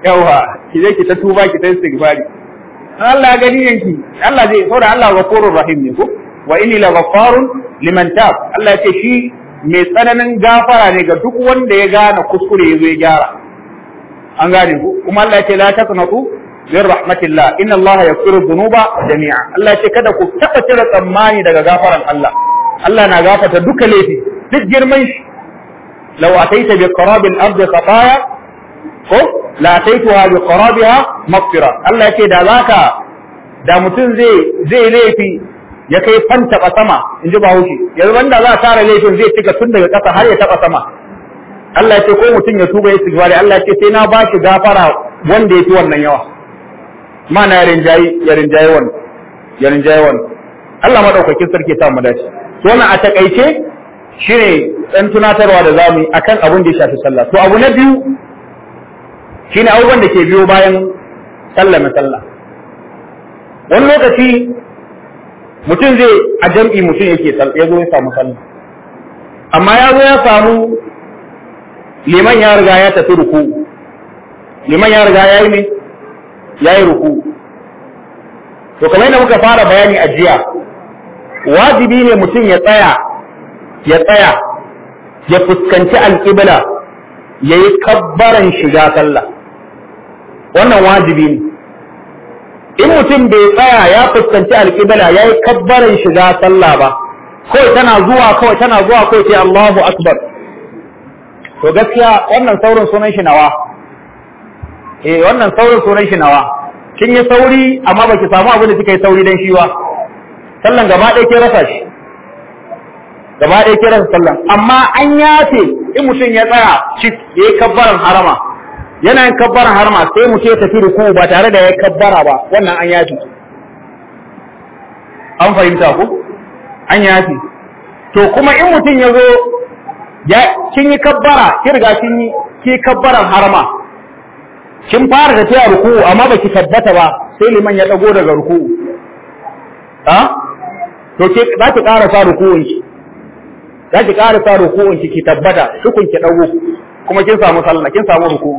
yawa ki je ki ta tuba ki ta istighfari Allah gani yanki Allah zai saboda Allah ghafurur rahim ne ko wa inni la ghaffarun liman tab Allah ce shi mai tsananin gafara ne ga duk wanda ya gane kuskure ya zo ya gyara an gane ku kuma Allah ce la tasnatu min rahmatillah inna Allah yaghfiru dhunuba jami'a Allah ce kada ku taba cire tsammani daga gafaran Allah Allah na gafata duka laifi duk girman shi law ataita bi qarabil ardi khataya ko la ataituha bi qarabiha maghfira Allah ce da zaka da mutum zai zai laifi ya kai fan taba sama in ji bahaushe yanzu wanda za a tara laifin zai cika tun daga ƙasa har ya taba sama Allah ce ko mutum ya tuba ya istighfari Allah ce sai na ba shi gafara wanda ya fi wannan yawa mana ya rinjaye ya rinjaye wannan ya rinjaye wannan Allah madaukakin sarki ta mu dace to wannan a takaice shine dan tunatarwa da zamu akan abun da ya shafi sallah to abu na biyu shine abubuwan da ke biyo bayan sallah sallah wani lokaci mutum zai a jam'i mutum yake ya zo ya samu sallah amma ya zo ya samu liman ya riga ya tafi ruku liman ya riga ya yi ne Ya yi ruku to kamar yadda muka fara bayani a jiya wajibi ne mutum ya tsaya ya tsaya ya fuskanci alƙibla ya yi kabbaran shiga sallah wannan wajibi ne in mutum bai tsaya ya fuskanci alƙibla ya yi kabbaran shiga sallah ba kawai tana zuwa kawai tana zuwa kawai ce Allahu Akbar to gaskiya wannan saurin sunan shi nawa eh wannan saurin sunan shi nawa kin yi sauri amma baki samu abin da kika yi sauri dan shi ba sallan gaba ɗaya ke rasa shi gaba ɗaya ke rasa sallan amma an yafe in mutum ya tsaya shi ya yi kabbaran harama yana yin kabbaran harama sai mutum ya tafi ruku ba tare da ya kabbara ba wannan an yafe an fahimta ku an yafe to kuma in mutum ya zo ya kin yi kabbara kin riga kin yi ki kabbaran harama kin fara tafiya ruku amma baki tabbata ba sai liman ya dago daga ruku ha to ke za ki ƙara sa ruku'un ki za ki ƙara sa ruku'un ki ki tabbata shukun ki dago kuma kin samu sallah kin samu ruku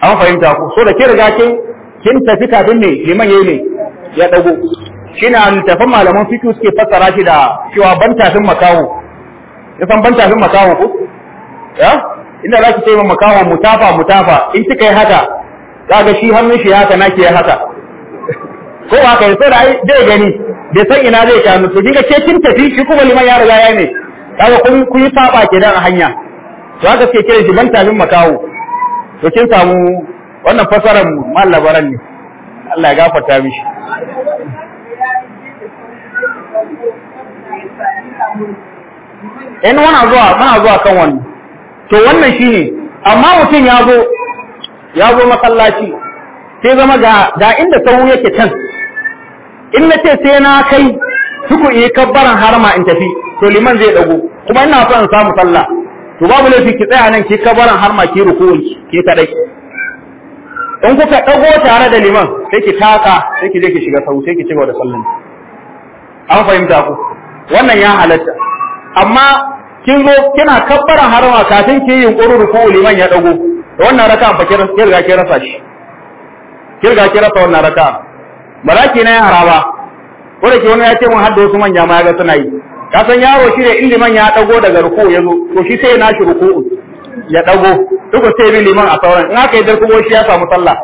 an fahimta ku so da ki riga kin kin tafi kafin ne liman yayi ne ya dago shine an tafi malaman fiqh suke fassara shi da cewa ban tafin makawo ya san ban tafin makawo ku ya inda za ki ce min makawa mutafa mutafa in kika yi haka kaga shi hannun shi haka nake ya haka ko ba ka sai dai zai gani bai san ina zai ka nufi kinga ke kin tafi shi kuma liman ya riga ya ne kaga kun kun yi saba kenan a hanya to haka suke kira shi ban tafin makawo to kin samu wannan fasarar mallabaran ne Allah ya gafarta mishi in eh, wana zuwa muna zuwa kan wannan to wannan shi ne, amma mutum ya zo ya zo masallaci sai zama ga da inda sahu yake can in na ce sai na kai suku yi kabbaran harama in tafi to liman zai dago kuma ina so in samu sallah to babu laifi ki tsaya nan ki kabbaran harama ki ruku'un ki ta dai in kuka dago tare da liman sai ki taka sai ki je ki shiga sahu sai ki cigaba da sallah an fahimta ku wannan ya halatta amma kin zo kina kabbara harama kafin ki yin ƙuru ruku liman ya dago da wannan raka fa ki riga ki rasa shi ki riga ki rasa wannan raka malaki na yara ba ko da ke wani ya ce mun hadda wasu manya ma ya ga suna yi ka san yaro shi ne in liman ya dago daga ruku ya zo to shi sai nashi ruku ya dago duk sai bi liman a sauran in aka yi ko shi ya samu sallah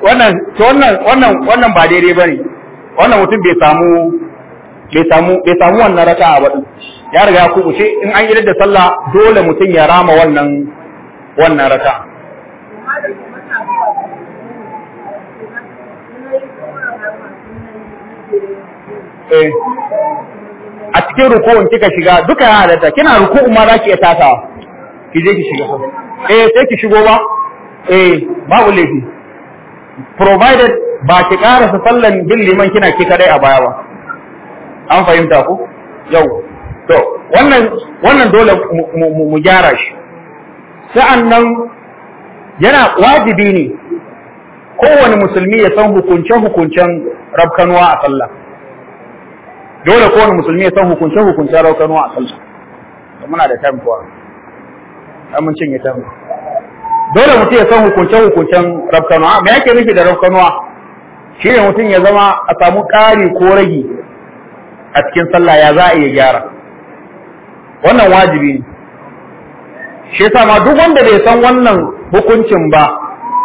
wannan to wannan wannan wannan ba daidai bane wannan mutum bai samu bai samu bai samu wannan raka ba din ya riga ya kubuce in an idar da sallah dole mutum ya rama wannan wannan raka eh. a cikin rukun kika shiga duka ya halatta kina rukun ma za ki iya ki je ki shiga eh sai ki shigo ba eh babu laifi provided ba ki karasa sallan bin liman kina ki kadai a baya ba an fahimta ku yau to wannan wannan dole mu gyara shi sa'annan yana wajibi ne kowane musulmi ya san hukunce-hukuncen rabkanuwa a sallah dole kowane musulmi ya san hukunce-hukuncen rabkanuwa a sallah muna da time for mun cinye time dole mutum ya san hukunce-hukuncen rabkanuwa me yake nufi da rabkanuwa shi ne mutum ya zama a samu ƙari ko ragi a cikin sallah ya za a iya gyara wannan wajibi ne shi yasa ma duk wanda bai san wannan hukuncin ba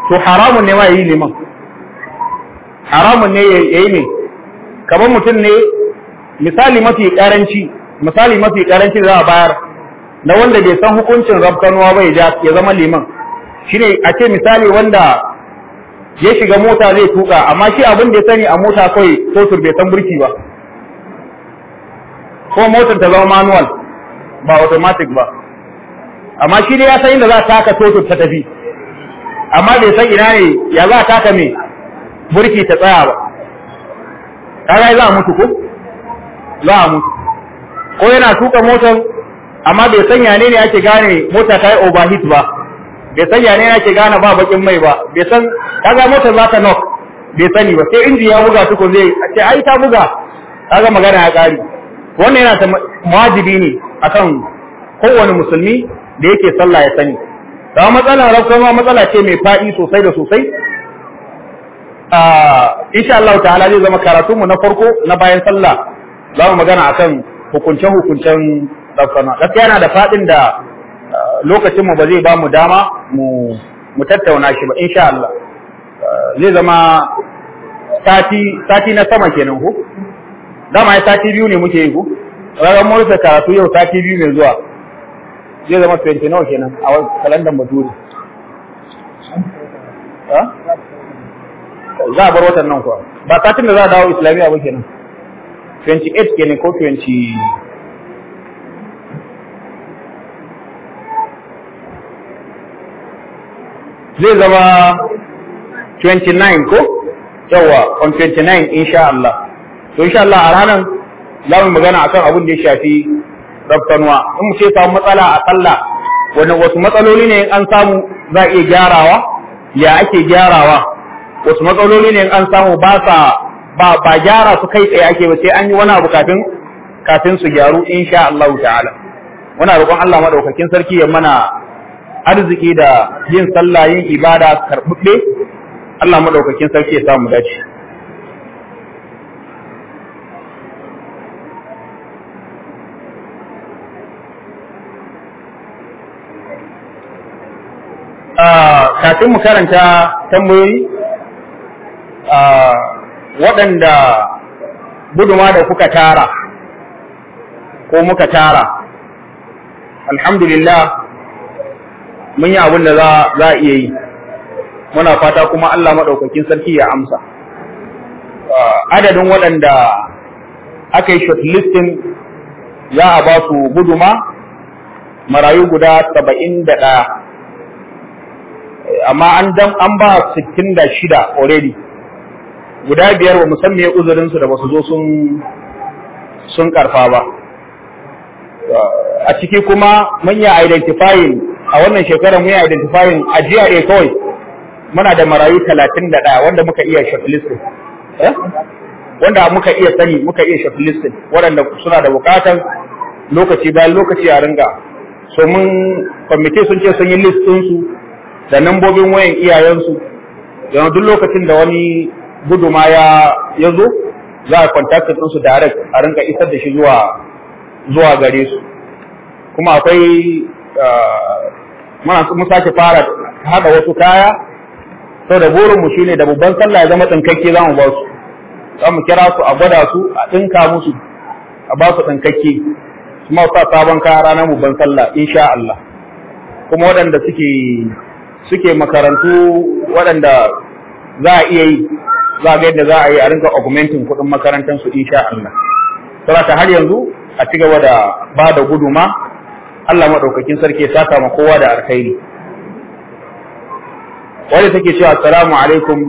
to haramun ne ma yayi liman haramun ne yayi ne kamar mutum ne misali mafi karanci misali mafi karanci da za a bayar na wanda bai san hukuncin rabkanuwa ba ya zama liman shine a ce misali wanda ya shiga mota zai tuka amma shi abin da ya sani a mota kawai sotur bai san burki ba ko motar ta zama manual ba automatic ba amma shi dai ya san inda za ta taka toto ta tafi amma bai san ina ne ya za ta taka me burki ta tsaya ba kaga za a mutu ko za a mutu ko yana tuka motar amma bai san yane ne ake gane mota ta yi overheat ba bai san yane ne ake gane ba bakin mai ba bai san kaga motar za ta knock bai sani ba sai inji ya buga tukun zai a ce ai ta buga kaga magana ya kare wannan yana ta wajibi ne akan kowane musulmi da yake sallah ya sani da matsala ma matsala ce mai faɗi sosai da sosai a insha Allah ta'ala zai zama karatu mu na farko na bayan sallah za mu magana akan hukuncen hukuncen rafkama gaskiya yana da fadin da lokacin mu ba zai ba mu dama mu mu tattauna shi ba insha Allah zai zama sati sati na sama kenan ko dama ya sati biyu ne muke yi ko ranar morsa karatu yau sati biyu mai zuwa zai zama 20 wa kenan a kalandar baturi za a bar watan nan kuwa ba satin da za a dawo islamiyya ba kenan 28 kenan ko 20 zai zama 29 ko yawa on 29 insha Allah to insha Allah a ranar za mu magana akan abin da ya shafi rabtanuwa in mu ce samu matsala a kalla wani wasu matsaloli ne an samu za a iya gyarawa ya ake gyarawa wasu matsaloli ne an samu ba sa ba ba gyara su kai tsaye ake ba sai an yi wani abu kafin kafin su gyaru insha Allah ta'ala muna roƙon Allah madaukakin sarki ya mana arziki da yin sallah yin ibada karɓuɓɓe Allah madaukakin sarki ya samu dace Ah, kafin mu karanta tambayoyi ah, waɗanda guduma da kuka tara ko muka tara alhamdulillah mun yi abin da za a iya yi muna fata kuma Allah maɗaukakin sarki ya amsa ah, adadin waɗanda aka yi shortlisting za a ba su guduma marayu guda saba'in da ɗaya amma an dan an ba 66 already guda biyar ba musamman uzurin su da ba su zo sun sun karfa ba a ciki kuma mun ya identifying a wannan shekarar mun ya identifying a GRA kawai muna da marayu 31 wanda muka iya shortlisting eh wanda muka iya sani muka iya shortlisting waɗanda suna da bukatan lokaci bayan lokaci a ringa so mun kwamiti sun ce sun yi list ɗinsu da nambobin wayan iyayensu Yana duk lokacin da wani guduma ya ya zo za a contactin ɗinsu direct a rinka isar da shi zuwa zuwa gare su kuma akwai ah, muna mu sake fara haɗa wasu kaya sau da mu shi ne da babban sallah ya zama tsinkakke za mu ba su za mu kira su a gwada su a ɗinka musu a ba su tsinkakke kuma sa sabon kaya ranar babban sallah sha Allah kuma waɗanda suke suke makarantu waɗanda za a iya yi za a ga yadda za a yi a rinka augmentin kuɗin makarantar su insha Allah saboda har yanzu a ci gaba da ba da guduma Allah maɗaukakin sarki ya saka kowa da alkhairi wanda take cewa assalamu alaikum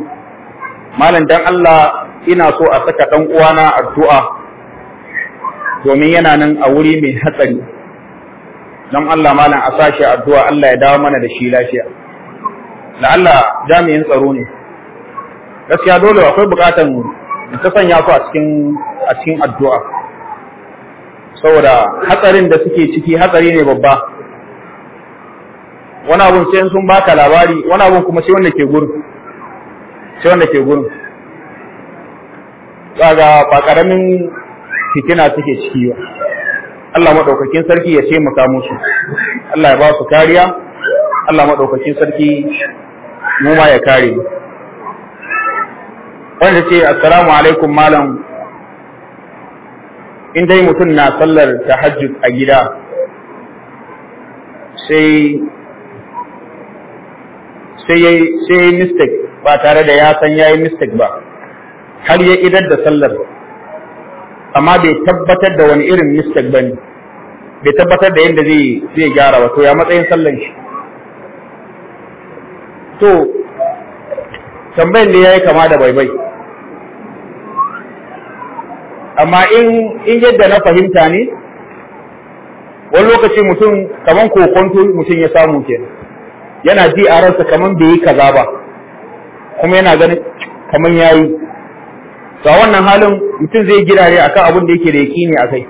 malam dan Allah ina so a saka ɗan uwana addu'a domin yana nan a wuri mai hatsari don Allah malam a sashi addu'a Allah ya dawo mana da shi lafiya Allah jami'in tsaro ne gaskiya dole akwai bukatan da ta sanya su a cikin a cikin addu'a saboda hatsarin da suke ciki hatsari ne babba wani abun sai sun baka labari wani abun kuma sai wanda ke gurin sai wanda ke gurin kaga ba karamin fitina suke ciki ba Allah madaukakin sarki ya ce mu su. Allah ya ba su kariya Allah maɗaukakin sarki mu ma ya kare wanda ce assalamu alaikum malam in dai mutum na sallar tahajjud a gida sai sai ya yi mistake ba tare da ya san ya yi mistake ba har ya idar da sallar amma bai tabbatar da wani irin mistake ba ne bai tabbatar da yadda zai gyara wato ya matsayin sallar shi to tambayin da ya yi kama da baibai amma in yadda na fahimta ne wani lokaci mutum kaman kokonto mutum ya samu ke yana ji a ransa kaman bai yi kaza ba kuma yana ganin kaman ya yi to a wannan halin mutum zai girare akan abin da yake da ne a kai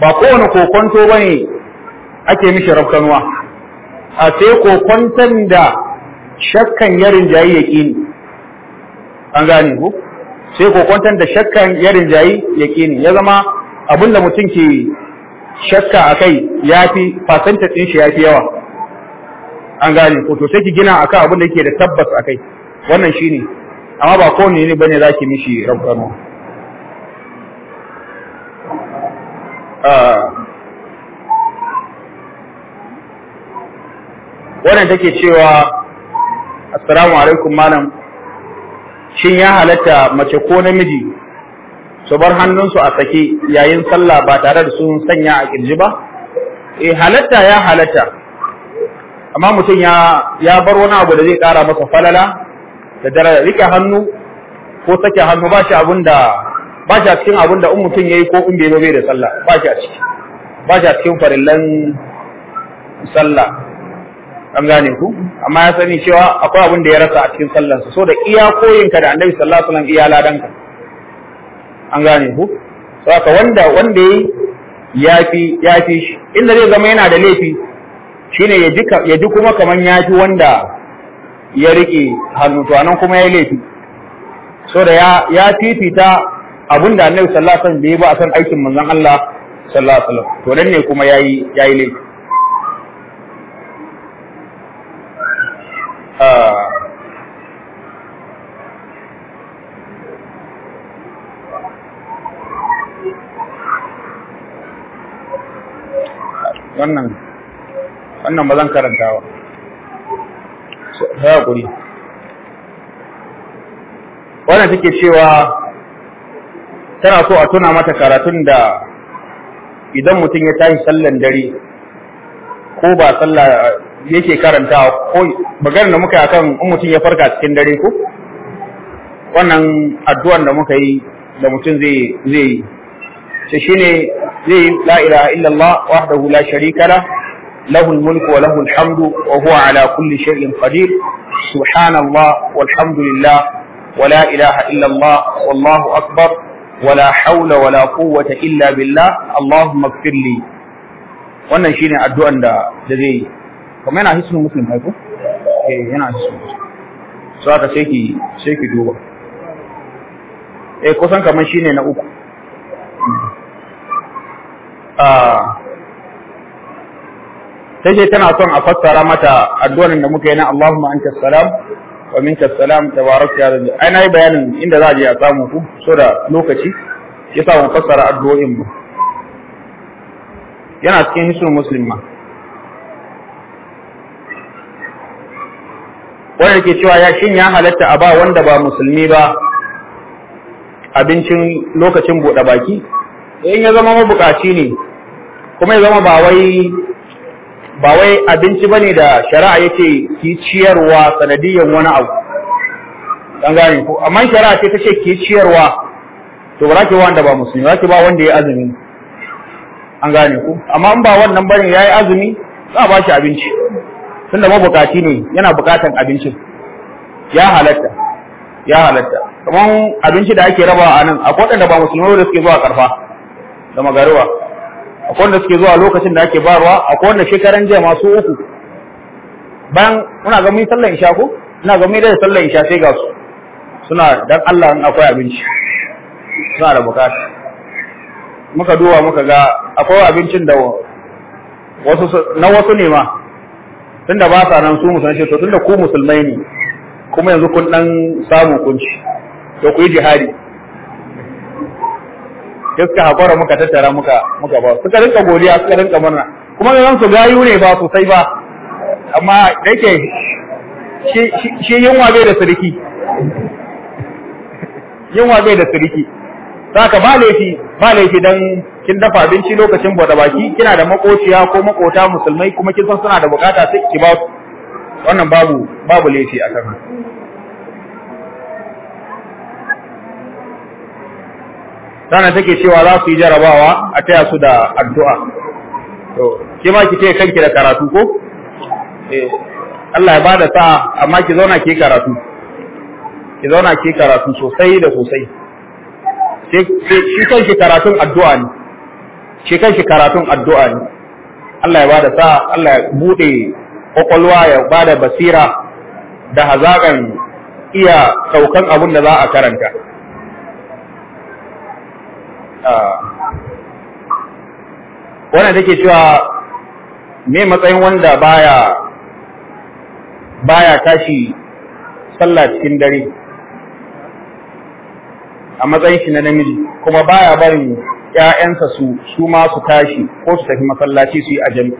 ba kowane kokonto ba ne ake mishi rafkanuwa a sai ko kwantan da shakkan yarin jayi yaqini an gane ku sai ko kwantan da shakkan yarin jayi yaqini ya zama abinda mutum ke shakka a kai ya fi fasanta din shi fi yawa an gane ko to sai ki gina akan abin da yake da tabbas a kai wannan shi ne, amma ba kowane ne bane ki mishi rabbano ah. wannan take cewa assalamu alaikum malam shin ya halatta mace ko namiji su bar hannunsu a sake yayin sallah ba tare da sun sanya a kirji ba eh halatta ya halatta amma mutum ya ya bar wani abu da zai kara masa falala da dare rike hannu ko sake hannu ba shi abun da ba shi a cikin abun da in mutum yayi ko in bai bai da sallah ba shi a ciki ba shi a cikin farillan sallah an gane ku amma ya sani cewa akwai abin da ya rasa a cikin sallarsa, so da iyakoyinka da annabi sallallahu alaihi wasallam iya ladanka an gane ku so haka wanda wanda yayi yafi yafi shi inda zai zama yana da laifi shine ya ji ya ji kuma kaman yafi wanda ya rike hannu to anan kuma yayi laifi so da ya ya fifita abin da annabi sallallahu alaihi wasallam bai ba a san aikin manzon Allah sallallahu alaihi wasallam to nan ne kuma yayi yayi laifi wannan wannan ba zan karanta ba sai hakuri wannan take cewa tana so a tuna mata karatun da idan mutum ya tashi sallan dare ko ba sallah yake karantawa ko maganar da muka yi akan in mutum ya farka cikin dare ko wannan addu'an da muka yi da mutum zai zai yi shi shine zai la ilaha illallah wahdahu la sharika lah له الملك وله الحمد وهو على كل شيء قدير سبحان الله والحمد لله ولا إله إلا الله والله أكبر ولا حول ولا قوة إلا بالله اللهم اغفر لي wannan addu'an da da zai yi kuma yana hisnu muslim haiku eh yana hisnu so aka sai ki sai ki duba eh kusan kaman shine na uku take ah. tana son a fassara mata addu'ar da muka yi na Allahumma anta salam wa minka salam tabarak ya rabbi ai nayi bayanin inda za a je a samu ku so da lokaci yasa mun fassara addu'o'in mu yana cikin hisul muslim ma wanda ke cewa ya shin ya halatta a ba wanda ba musulmi ba abincin lokacin bude baki in ya zama mabukaci ne kuma ya zama ba wai abinci ba ne da shari'a yake ki ciyarwa sanadiyar wani abu ɗan gani ko amma shari'a ce ce ki ciyarwa to ba ki wanda ba musulmi ba ki ba wanda ya azumi an gane ku amma in ba wannan bane yi azumi za a ba shi abinci tunda mabukaci ne yana bukatan abincin ya halatta ya halatta kamar abinci da ake rabawa a nan akwai waɗanda ba musulmi da suke zuwa karfa da magariba akwai wanda suke zuwa lokacin da ake barwa akwai wanda shekaran jiya masu uku bayan muna ga mun sallar isha ko ina ga mun da sallar isha sai ga su suna dan Allah in akwai abinci suna da bukata muka duwa muka ga akwai abincin da wasu na wasu ne ma tunda ba sa nan su musulmai to tunda ku musulmai ne kuma yanzu kun dan samu kunci to ku yi jihadi sai suka muka tattara muka muka ba suka rinka godiya suka rinka murna kuma nan su gayu ne ba sosai ba amma yake shi yunwa bai da sirki yunwa bai da sirki saka ba laifi ba laifi dan kin dafa abinci lokacin bada baki kina da makociya ko makota musulmai kuma kin san suna da bukata sai ki ba wannan babu babu laifi akan ranar take cewa za su yi jarabawa a taya su da addu'a to ke ma ki ce kanki da karatu ko eh Allah ya bada sa amma ki zauna ki karatu ki zauna ki karatu sosai da sosai shi kanki karatun addu'a ne ke kanki karatun addu'a ne Allah ya bada sa Allah ya bude kwakwalwa ya bada basira da hazakan iya saukan abin da za a karanta wannan take cewa me matsayin wanda baya baya tashi sallah cikin dare a matsayin shi na namiji kuma baya barin ƴaƴansa su su ma su tashi ko su tafi masallaci su yi ajami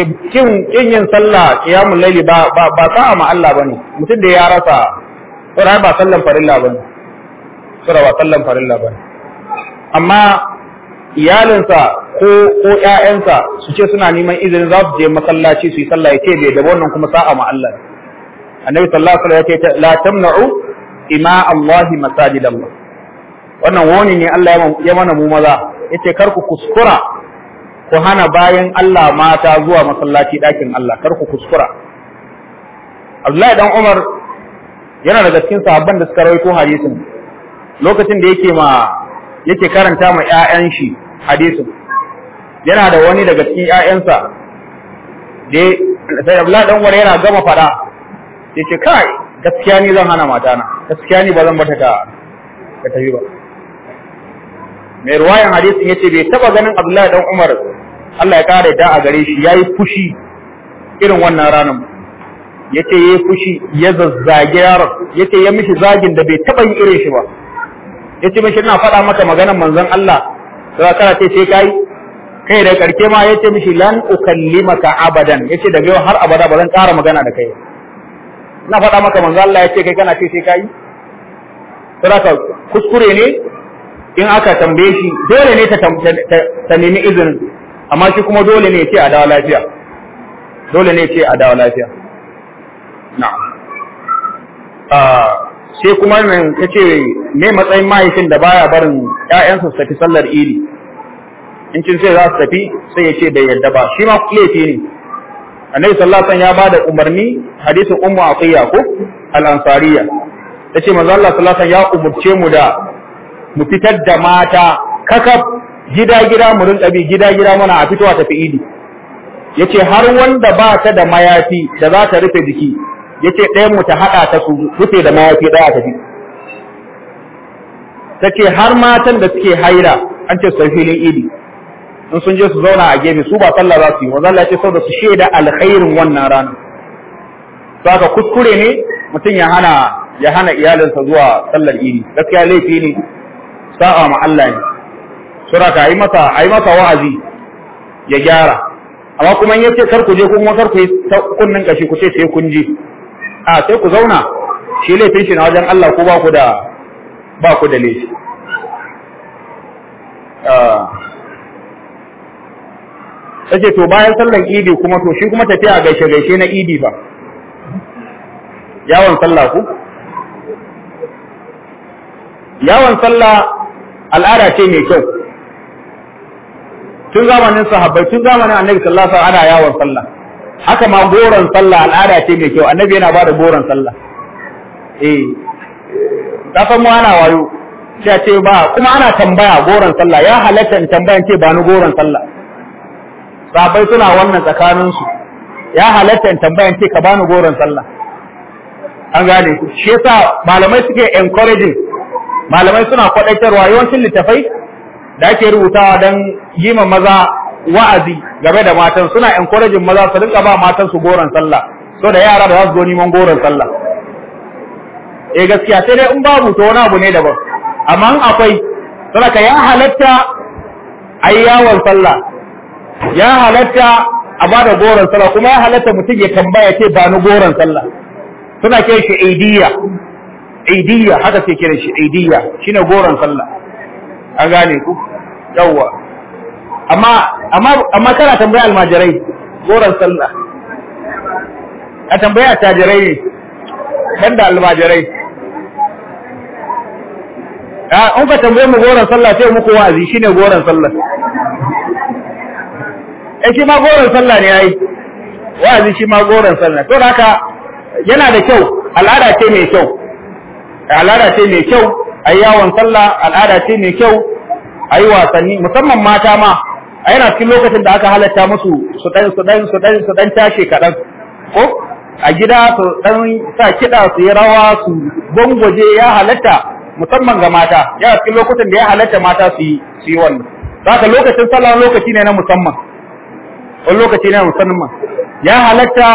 eh, kin kin yin sallah qiyamul layli ba ba ba sa'a ma Allah bane mutum da ya rasa ko ba sallan farilla bane sutura ba sallan farilla ba amma iyalinsa ko ko ƴaƴansa su ce suna neman izinin za su je masallaci su yi sallah ya ce bai da wannan kuma sa'a ma Allah annabi sallallahu alaihi wasallam ya ce la tamna'u ima Allah masajid Allah wannan wani ne Allah ya mana mu maza yace kar ku kuskura ku hana bayan Allah mata zuwa masallaci ɗakin Allah kar ku kuskura Abdullahi dan Umar yana daga cikin sahabban da suka rawaito hadisin lokacin da yake ma yake karanta ma ƴaƴan shi hadisi yana da wani daga cikin ƴaƴansa da sai Abdullah dan wara yana gama fada yace kai gaskiya ni zan hana mata na, gaskiya ni ba zan bata ta ta tafi ba mai ruwayan hadisi yace bai taba ganin Abdullah dan Umar Allah ya kare da a gare shi yayi fushi irin wannan ranar yace yayi fushi ya zazzage yaron yace ya mishi zagin da bai taba yin irin shi ba yace mishi ina faɗa maka maganar manzon Allah sai kana ce sai kai kai da karke ma yace mishi lan ukallimaka abadan yace daga yau har abada ba zan ƙara magana da kai ina faɗa maka manzon Allah yace kai kana ce sai kai sai kuskure ne in aka tambaye shi dole ne ta ta nemi izinin amma shi kuma dole ne ya ce a dawo lafiya dole ne ya ce a dawo lafiya na'am ah, sai kuma nan ya ce me matsayin mahaifin da baya barin ‘ya'yansa su tafi sallar iri in cin sai za su tafi sai ya ce bai yadda ba shi ma laifi ne annabi sallallahu alaihi ya ba da umarni hadisin ummu aqiya ko al-ansariya yace manzo Allah sallallahu ya umurce mu da mu fitar da mata kakaf gida gida mu rinka bi gida gida muna a fitowa tafi idi yace har wanda ba ta da mayafi da za ta rufe jiki yace ɗayan mu ta haɗa ta su rufe da mayafi ɗaya Ta ce har matan da suke haira an ce sun filin idi in sun je su zauna a gefe su ba sallah za su yi wanda Allah ya da saboda su shaida alkhairin wannan rana to haka kuskure ne mutum ya hana ya hana iyalinsa zuwa sallar idi gaskiya laifi ne sa'a ma Allah ne suraka ayi masa ayi masa wa'azi ya gyara amma kuma in yace kar ku je kuma kar ku yi kunnin kashi ku ce sai kun je a sai ku zauna shi laifin shi na wajen Allah ko ba ku da ba ku da laifi sake to bayan sallan idi kuma to shi kuma tafiya gaishe gaishe na idi ba yawon sallah ku yawon sallah al'ada ce mai kyau tun zamanin sahabbai tun zamanin annabi sallallahu alaihi wasallam ana yawon sallah haka ma goron sallah al'ada ce mai kyau annabi yana bada goron sallah eh san mu ana wayo sai ce ba kuma ana tambaya goron sallah ya halatta tambayan ce ba ni goron sallah sabai suna wannan tsakanin su ya halatta tambayan ce ka bani goron sallah an gane ku shi yasa malamai suke encouraging malamai suna kwadaitarwa yawancin littafai da ake rubutawa don yi maza wa'azi game da matan suna encouraging maza su rinka ba matan su goron sallah so da yara da za su zo neman goron sallah E, gaskiya sai dai in babu to wani abu ne daban amma in akwai saboda ya halatta yi yawon sallah ya halatta a bada goron sallah kuma ya halatta mutum ya tambaya ce ba ni goron sallah suna kiran shi aidiya, aidiya haka sai kiran shi shi shine goron sallah an gane ku yawwa amma amma amma kana tambaya almajirai goran sallah a tambaya tajirai ne dan da almajirai a in ka tambaye mu goran sallah sai muku wa'azi shine goran sallah eh shi ma goran sallah ne yayi wa'azi shi ma goran sallah to haka yana da kyau al'ada ce mai kyau al'ada ce mai kyau ayyawan yawon sallah al'ada ce mai kyau ayi wasanni musamman mata ma a yana cikin lokacin da aka halatta musu su dan su dan su dan su dan tashe kadan, ko a gida su dan sa kiɗa su yi rawa su gwangwaje ya halatta musamman ga mata yana cikin lokacin da ya halatta mata su yi su yi wannan zaka lokacin sallah lokaci ne na musamman wani lokaci ne na musamman ya halatta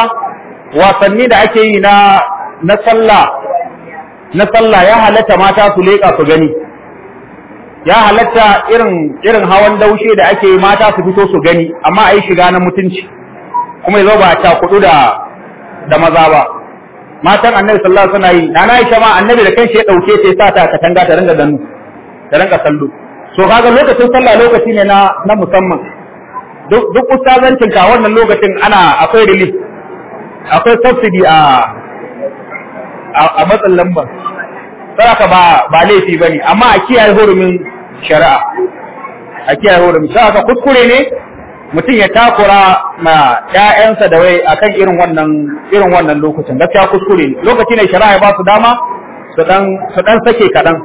wasanni da ake yi na na sallah na sallah ya halatta mata su leƙa su gani ya halatta irin irin hawan daushe da ake mata su fito su gani amma a yi shiga na mutunci kuma yazo ba ta kudu da da maza ba matan annabi sallallahu alaihi wasallam yi nana Aisha ma annabi da kanshi ya dauke ta sa ta katanga ta ringa dannu ta ringa sallo so kaga lokacin sallah lokaci ne na na musamman duk duk ustazancin ka wannan lokacin ana akwai relief akwai subsidy a a matsin lambar saraka ba ba laifi bane amma a kiyaye hurumin shari'a a kiyaye hurumin saraka kuskure ne mutum ya takura ma ƴaƴansa da wai akan irin wannan irin wannan lokacin gaskiya kuskure ne lokaci ne shari'a ya ba su dama su dan su dan sake kadan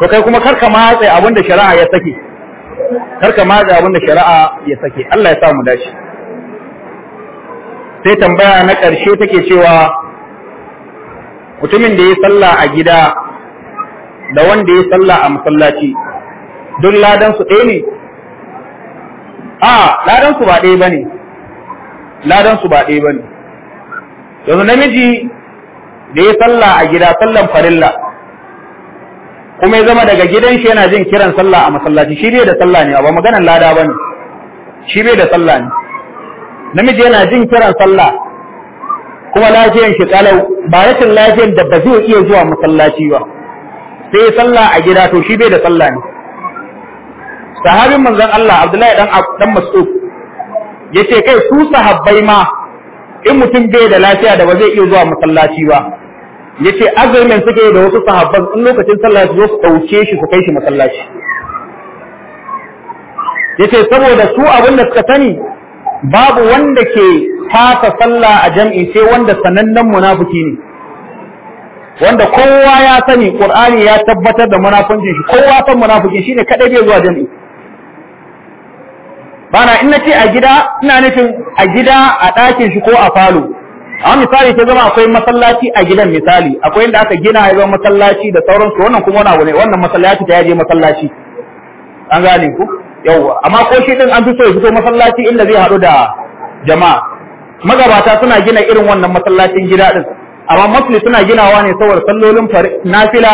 to kai kuma karka matse abin da shari'a ya sake karka matse abin da shari'a ya sake Allah ya sa mu dace sai tambaya na ƙarshe take cewa mutumin da ya sallah a gida da wanda ya salla a masallaci duk ladan su ɗaya ne a ladan su ba ɗaya bane ladan su ba ɗaya bane yanzu namiji da ya salla a gida sallan farilla kuma ya zama daga gidan shi yana jin kiran sallah a masallaci shi bai da sallah ne ba maganar lada bane shi bai da sallah ne namiji yana jin kiran sallah kuma lafiyan shi tsalau ba rashin lafiyan da ba zai iya zuwa masallaci ba sai ya sallah a gida to shi bai da sallah ne sahabin manzon Allah Abdullahi dan dan Mas'ud yace kai su sahabbai ma in mutum bai da lafiya da ba zai iya zuwa masallaci ba yace azumin suke da wasu sahabban in lokacin sallah su zo su dauke shi su kai shi masallaci yace saboda su abin da suka sani babu wanda ke fata sallah a jam'i sai wanda sanannen munafiki ne wanda kowa ya sani qur'ani ya tabbatar da munafikin shi kowa san munafiki shine kadai bai zuwa jami'i bana in nace a gida ina nufin a gida a dakin shi ko a falo a misali ta zama akwai masallaci a gidan misali akwai inda aka gina ya zama masallaci da sauransu wannan kuma wani abu ne wannan masallaci ta yaje masallaci an gane ku yawwa amma ko shi din an fi so ya fito masallaci inda zai haɗu da jama'a magabata suna gina irin wannan masallacin gida din amma mostly suna ginawa ne saboda sallolin nafila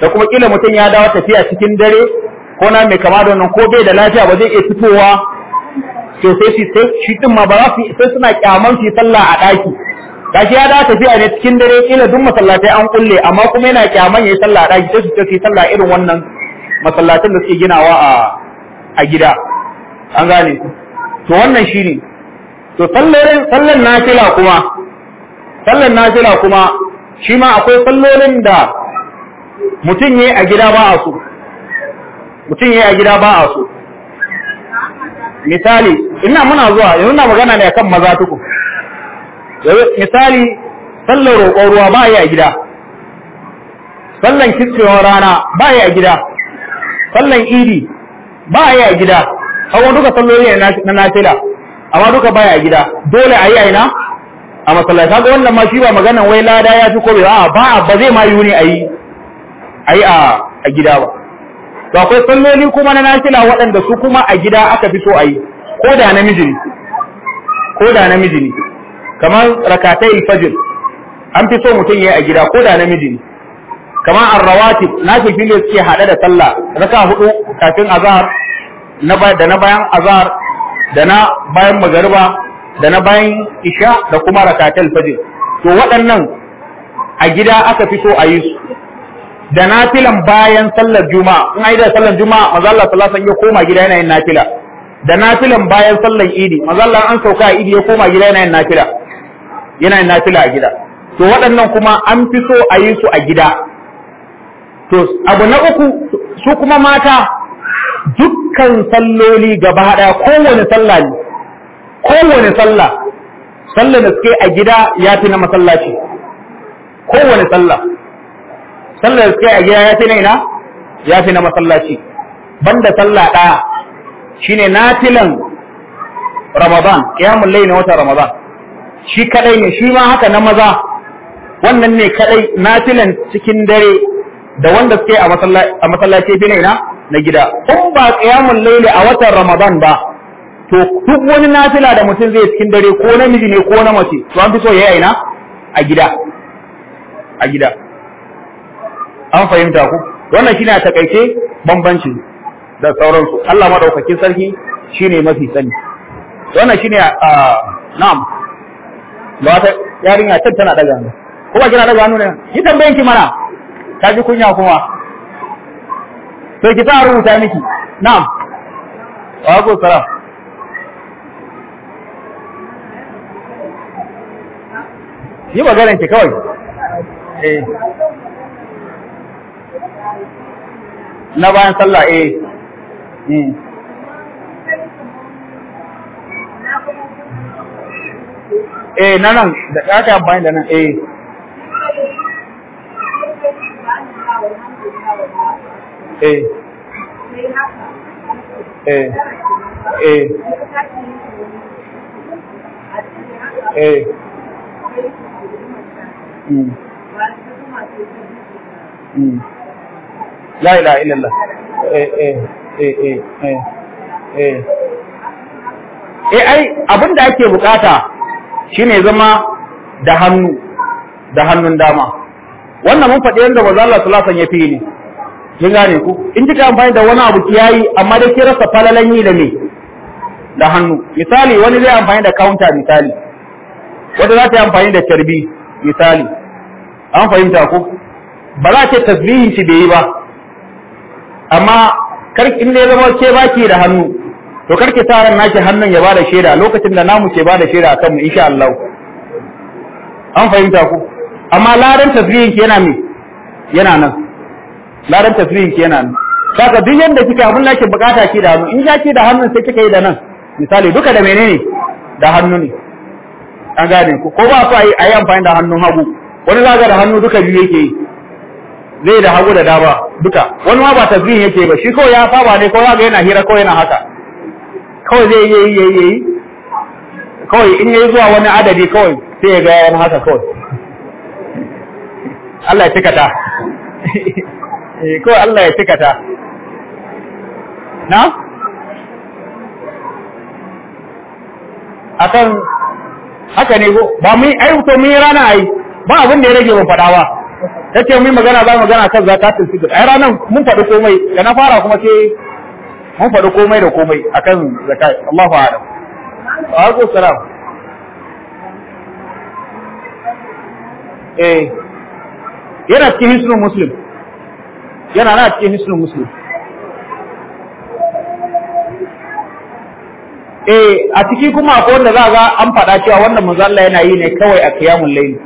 da kuma kila mutum ya dawo tafiya cikin dare ko na mai kama da wannan ko bai da lafiya ba zai iya fitowa to sai shi shi din ma ba za su sai suna kyaman shi sallah a daki kashi ya dawo tafiya ne cikin dare kila duk masallatai an kulle amma kuma yana kyaman yayi sallah a daki sai su ce sallah irin wannan masallatan da suke ginawa a a gida an gane to wannan shine to sallar sallar nafila kuma sallan nafila kuma shi ma akwai sallolin da mutum yi a gida ba a su. mutum yi a gida ba a su. misali ina muna zuwa yanzu na magana ne kan maza tuku misali sallar roƙon ruwa ba yi a gida sallan kitsewar rana ba yi a gida sallan idi ba yi a gida hawa duka sallolin na nafila amma duka ba a gida dole a yi aina a masallaci ga wannan ma shi ba maganan wai lada ya fi kobe a ba ba zai ma yuni ayi ayi a gida ba to akwai salloli kuma na nashila waɗanda su kuma a gida aka fi so ayi ko da namiji ne ko da namiji ne kamar rakatai fajr an fi so mutum yi a gida ko da namiji ne kamar arrawatib fi ne suke hada da sallah raka hudu kafin azhar na da na bayan azhar da na bayan magariba da na bayan isha da kuma rakatul fajr to waɗannan a gida aka fi so a yi su da nafilan bayan sallar juma'a in ai da sallar juma'a manzo Allah sallallahu alaihi wasallam ya koma gida yana yin nafila da nafilan bayan sallar idi manzo Allah an sauka a idi ya koma gida yana yin nafila yana yin nafila a gida to waɗannan kuma an fi so a yi su a gida to abu na uku su kuma mata dukkan salloli gaba daya kowane sallah ne kowane sallah sallah da suke a gida ya fi na masallaci kowane sallah sallah da suke a gida ya fi na ina ya fi na masallaci banda sallah ɗaya shine natilan ramadan qiyamul layl wata ramadan shi kadai ne shi ma haka na maza wannan ne kadai natilan cikin dare da wanda suke a masallaci fi na ina na gida kun ba qiyamul layl a watan ramadan ba to duk wani nafila da mutum zai cikin dare ko namiji ne ko na mace to an fi so yayi na a gida a gida an fahimta ku wannan shine a takaice bambanci da sauransu Allah madaukakin sarki shine mafi sani wannan shine a na'am ba ta yarinya ta tana daga hannu ko ba kina daga hannu ne ki tambayin ki mana ta ji kunya kuma sai ki ta rubuta miki na'am wa alaikum salam yi maganar ki kawai eh na bayan sallah eh hmm. eh na nan da kake bayan da nan eh eh eh eh eh Mm. la eh, eh, eh, ai abinda ake bukata shine zama da hannu da hannun dama wannan mun faɗi yadda manzo Allah sallallahu alaihi wasallam kin gane ku in kika amfani da wani abu kiyayi amma dai ki rasa falalan yi da me da hannu misali wani zai amfani da counter misali wanda za ta yi amfani da tarbi misali an fahimta ko ba za ce tasbihin shi bai yi ba amma kar in da zama ke baki da hannu to karki sa ran naki hannun ya bada shaida lokacin da namu ke bada shaida akan mu insha Allah an fahimta ku amma ladan tasbihin ki yana me yana nan ladan tasbihin ki yana nan saka duk yanda kika abun nake bukata ki da hannu in ki da hannun sai kika yi da nan misali duka da menene da hannu ne an gane ko ba su a yi amfani da hannun hagu wani zaga da hannu duka biyu yake yi zai da hagu da dama duka wani ma ba tasbihin yake ba shi ko ya saba ne ko zaga yana hira ko yana haka kawai zai yi yi yi kawai in yayi zuwa wani adadi kawai sai ya ga yana haka kawai Allah ya tikata eh, kawai Allah ya tikata na akan haka ne ko ba mun ai to mun yi rana ai ba abin da ya rage mun fadawa ba yace mun magana za magana kan zakatul fitr ai ranan mun fadi komai da na fara kuma ce mun fadi komai da komai akan zakat Allahu a'lam wa alaikum salam eh yana cikin muslim yana na cikin hisnul muslim eh a ciki kuma akwai wanda za ga an faɗa cewa wannan manzo Allah yana yi ne kawai a qiyamul laini.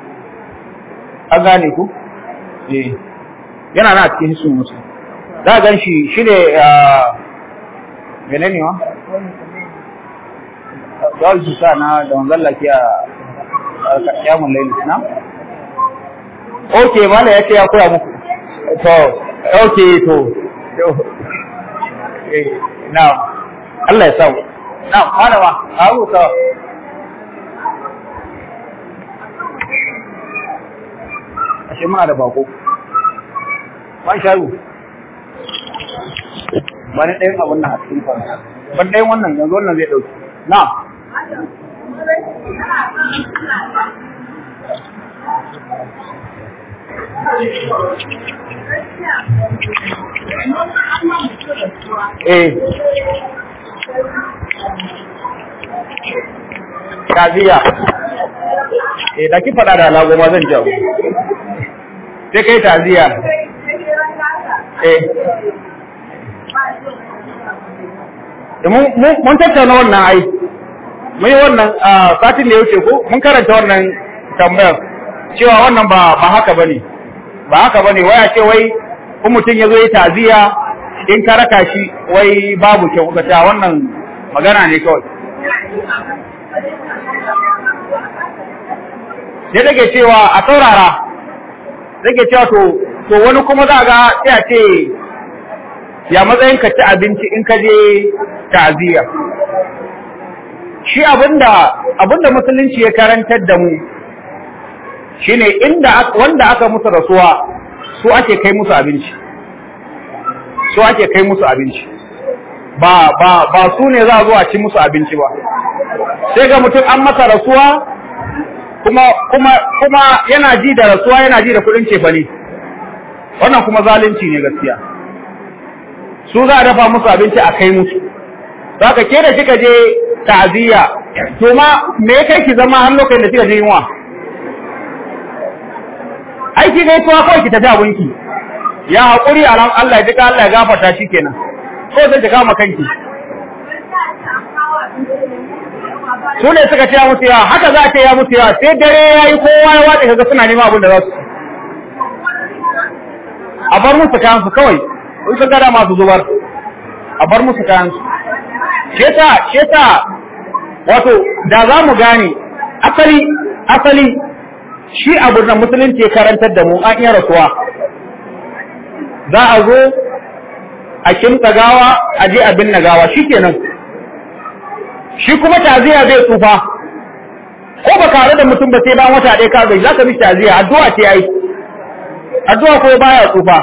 an gane ku eh yana na cikin su musu za ga shi shine menene wa dole su sana da manzo Allah ke a qiyamul laini na okay mala yace ya koya muku to okay to eh na Allah ya samu na'am malama a rubuta ashe muna da bako ban shayu bani ɗayan abun nan a cikin fara ban ɗayan wannan yanzu wannan zai ɗauki na Eh. kaziya eh da ki fada da alago ma zan jawo sai kai taziya eh, eh mun tattauna wannan ai mai wannan a satin da ya wuce ko mun karanta wannan tambayar cewa wannan ba ba haka bane ba haka bane waya ce wai in mutum ya zo taziya in ka raka shi wai babu kyau ga ta wannan magana ne kawai sai take cewa a saurara take cewa to wani kuma za ga sai a ce ya matsayin ka ci abinci in ka je ta'aziyya shi abinda abinda musulunci ya karantar da mu shine inda wanda aka musu rasuwa su ake kai musu abinci su ake kai musu abinci ba ba ba su ne za a zo a ci musu abinci ba sai ga mutum an masa rasuwa kuma kuma kuma yana ji da rasuwa yana ji da kudin cefane wannan kuma zalunci ne gaskiya su za a dafa musu abinci a kai musu za ka ke da kika je ta'aziyya to ma me ya kai ki zama har lokacin da kika je yunwa aiki gaisuwa kawai ki tafi abinki ya haƙuri a Allah ya ka Allah ya gafarta shi kenan ko zai ki kama kanki su ne suka ce ya mutu yawa haka za a ce ya mutu yawa sai dare ya yi kowa ya waɗe kaga suna neman abin da za su a bar musu kayansu kawai in ka gada masu zubar a bar musu kayansu. su sheta sheta wato da za mu gane asali asali shi abin da musulunci karantar da mu an iya rasuwa za a zo a kimta gawa a je abin na gawa shi kenan shi kuma taziya zai tsufa ko ba kare da mutum ba sai ba wata ɗaya ka gaji za ka bi taziya addu'a ce yayi addu'a ko baya tsufa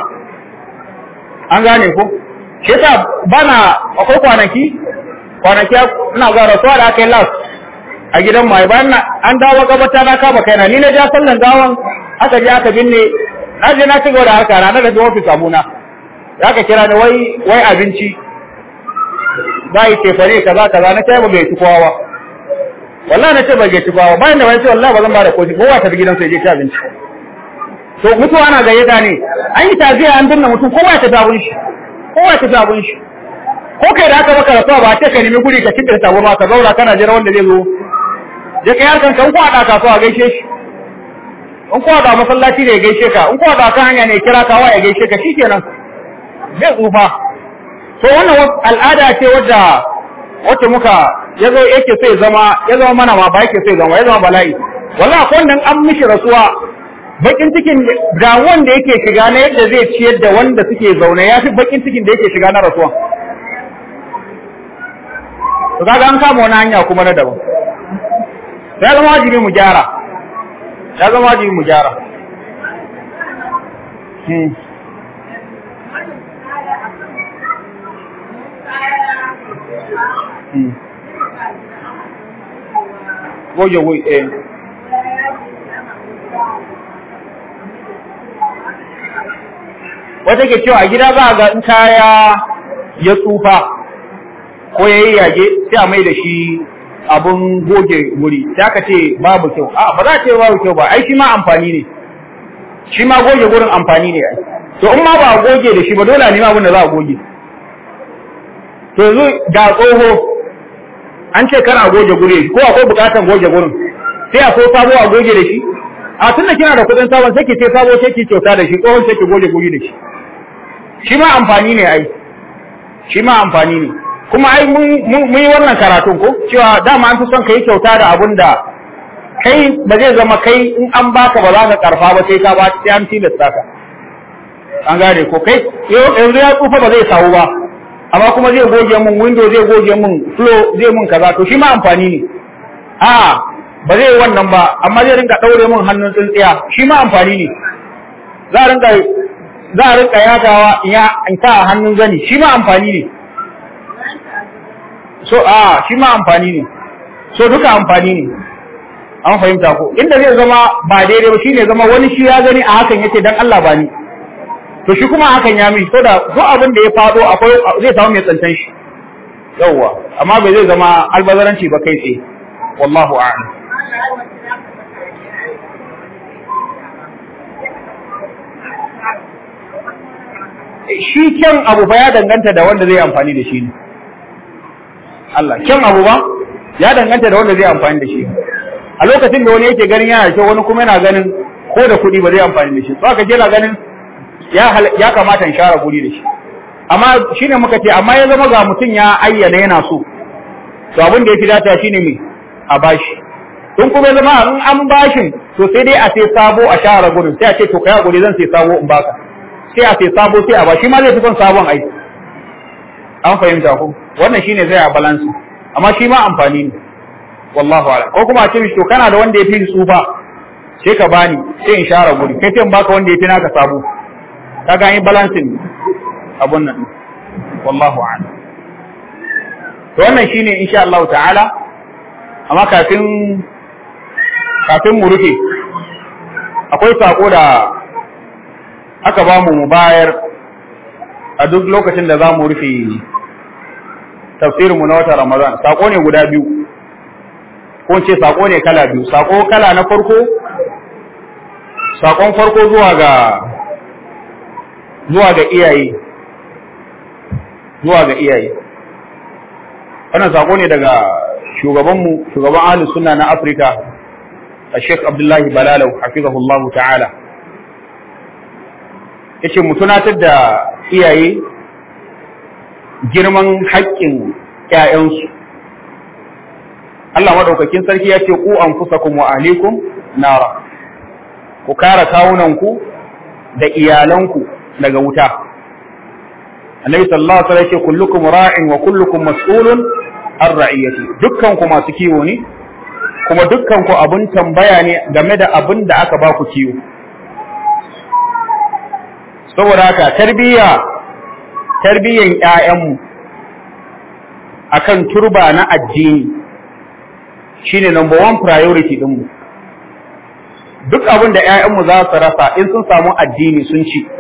an gane ko shi yasa bana akwai kwanaki kwanaki ina ga rasuwa da aka yi last a gidan mai bayan an dawo gabata na kama kaina ni na ja sallan gawan aka je aka binne na je na ci gaba da harka ranar da ofis abuna za ka kira ni wai abinci Ba yi tefare kaza kaza na kai ba bai ci kowa ba na ce ba ga ci kowa ba bayan da wani ce wallah ba zan ba da koshi kowa tafi gidan ya je ci abinci to mutuwa ana gayyata ne an yi taziya an binne mutum kowa ta tafi abin shi kowa ta tafi shi ko kai da aka baka rasuwa ba ce ka nemi guri ka cikin ta goma ka zaura kana jira wanda zai zo je kai harkan ka in ku so a gaishe shi in ku ba masallaci ne ya gaishe ka in ku ba kan hanya ne kira kawa ya gaishe ka shikenan zai tsufa so wannan al'ada ce wadda wacce muka ya zo yake sai zama ya zama mana ma ba yake sai zama ya zama bala'i wallahi ko nan an mishi rasuwa bakin cikin da wanda yake shiga na yadda zai ciyar da wanda suke zaune ya fi bakin cikin da yake shiga na rasuwa to kaga an kama wani hanya kuma na daban ya zama wajibi mu gyara ya zama wajibi mu gyara hmm. mm. go your way wata ke cewa a gida za a ga in kaya ya tsufa ko ya yi yage sai a mai da shi abun goge wuri sai aka ce babu kyau a ah, ba za a ce babu kyau ba ai shi ma amfani ne shi ma goge wurin amfani ne to in ma ba a goge da shi ba dole ne ma abin da za a goge to yanzu ga tsoho an ce kar a goge gure ko akwai bukatan goge gurin sai a so sabo a goge da shi a tunda kina da kudin sabon sai ki ce sabo sai ki kyauta da shi ko sai ki goge guri da shi shi ma amfani ne ai shi ma amfani ne kuma ai mun yi wannan karatun ko cewa dama an fi son kai kyauta da abun da kai ba zai zama kai in an baka ba za ka karfa ba sai ka ba sai an tilasta ka an gane ko kai yanzu ya tsufa ba zai sawu ba amma kuma zai goge mun window zai goge mun flow zai mun kaza to shi ma amfani ne a ba zai wannan ba amma zai rinka daure mun hannun tsintsiya shi ma amfani ne za a rinka za a rinka yagawa ya in hannun zani shi ma amfani ne so a shi ma amfani ne so duka amfani ne an fahimta ko inda zai zama ba daidai ba shine zama wani shi ya gani a hakan yake dan Allah ba ni to shi kuma hakan ya mishi so da ko abin da ya fado akwai zai samu mai tsantan shi yawwa amma bai zai zama albazaranci ba kai tsaye wallahu a'lam shi kyan abu fa ya danganta da wanda zai amfani da shi ne Allah kyan abu ba ya danganta da wanda zai amfani da shi a lokacin da wani yake ganin yana kyau wani kuma yana ganin ko da kuɗi ba zai amfani da shi to aka jira ganin ya kamata in share guri da shi amma shine muka ce amma ya zama ga mutum ya ayyana yana so to abin da yafi dace shine me a bashi in kuma zama an an bashin to sai dai a sai sabo a share gurin sai a ce to kai guri zan sai sabo in baka sai a sai sabo sai a bashi ma zai fi son sabon ai an fahimta ko. wannan shine zai a balance amma shi ma amfani ne wallahu a'lam ko kuma a ce to kana da wanda yafi tsufa sai ka bani sai in share guri kai sai in baka wanda yafi naka sabo kaga an yi balancing abun nan wallahu a'lam to wannan shine insha Allah ta'ala amma kafin kafin mu rufe akwai sako da aka ba mu bayar a duk lokacin da za mu rufe tafsirinmu na wata Ramadan sako ne guda biyu ko ce sako ne kala biyu sako kala na farko sakon farko zuwa ga zuwa ga iyaye zuwa ga iyaye wannan sako ne daga shugabanmu shugaban ahli sunna na Afirka a Sheikh Abdullahi Balalau hafizahullah ta'ala yace mu tunatar da iyaye girman haƙƙin 'ya'yansu. Allah madaukakin sarki ya ce ku kusa ku alaikum nara ku kara kawunanku da iyalanku daga wuta annabi sallallahu alaihi wasallam yake kullukum ra'in wa kullukum mas'ulun ar ra'iyati dukkan ku masu kiwo ne kuma dukkan ku abun tambaya ne game da abin da aka ba ku kiwo saboda haka tarbiyya tarbiyyan ƴaƴanmu akan turba na addini shine number one priority dinmu duk abin da ƴaƴanmu za su rasa in sun samu addini sun ci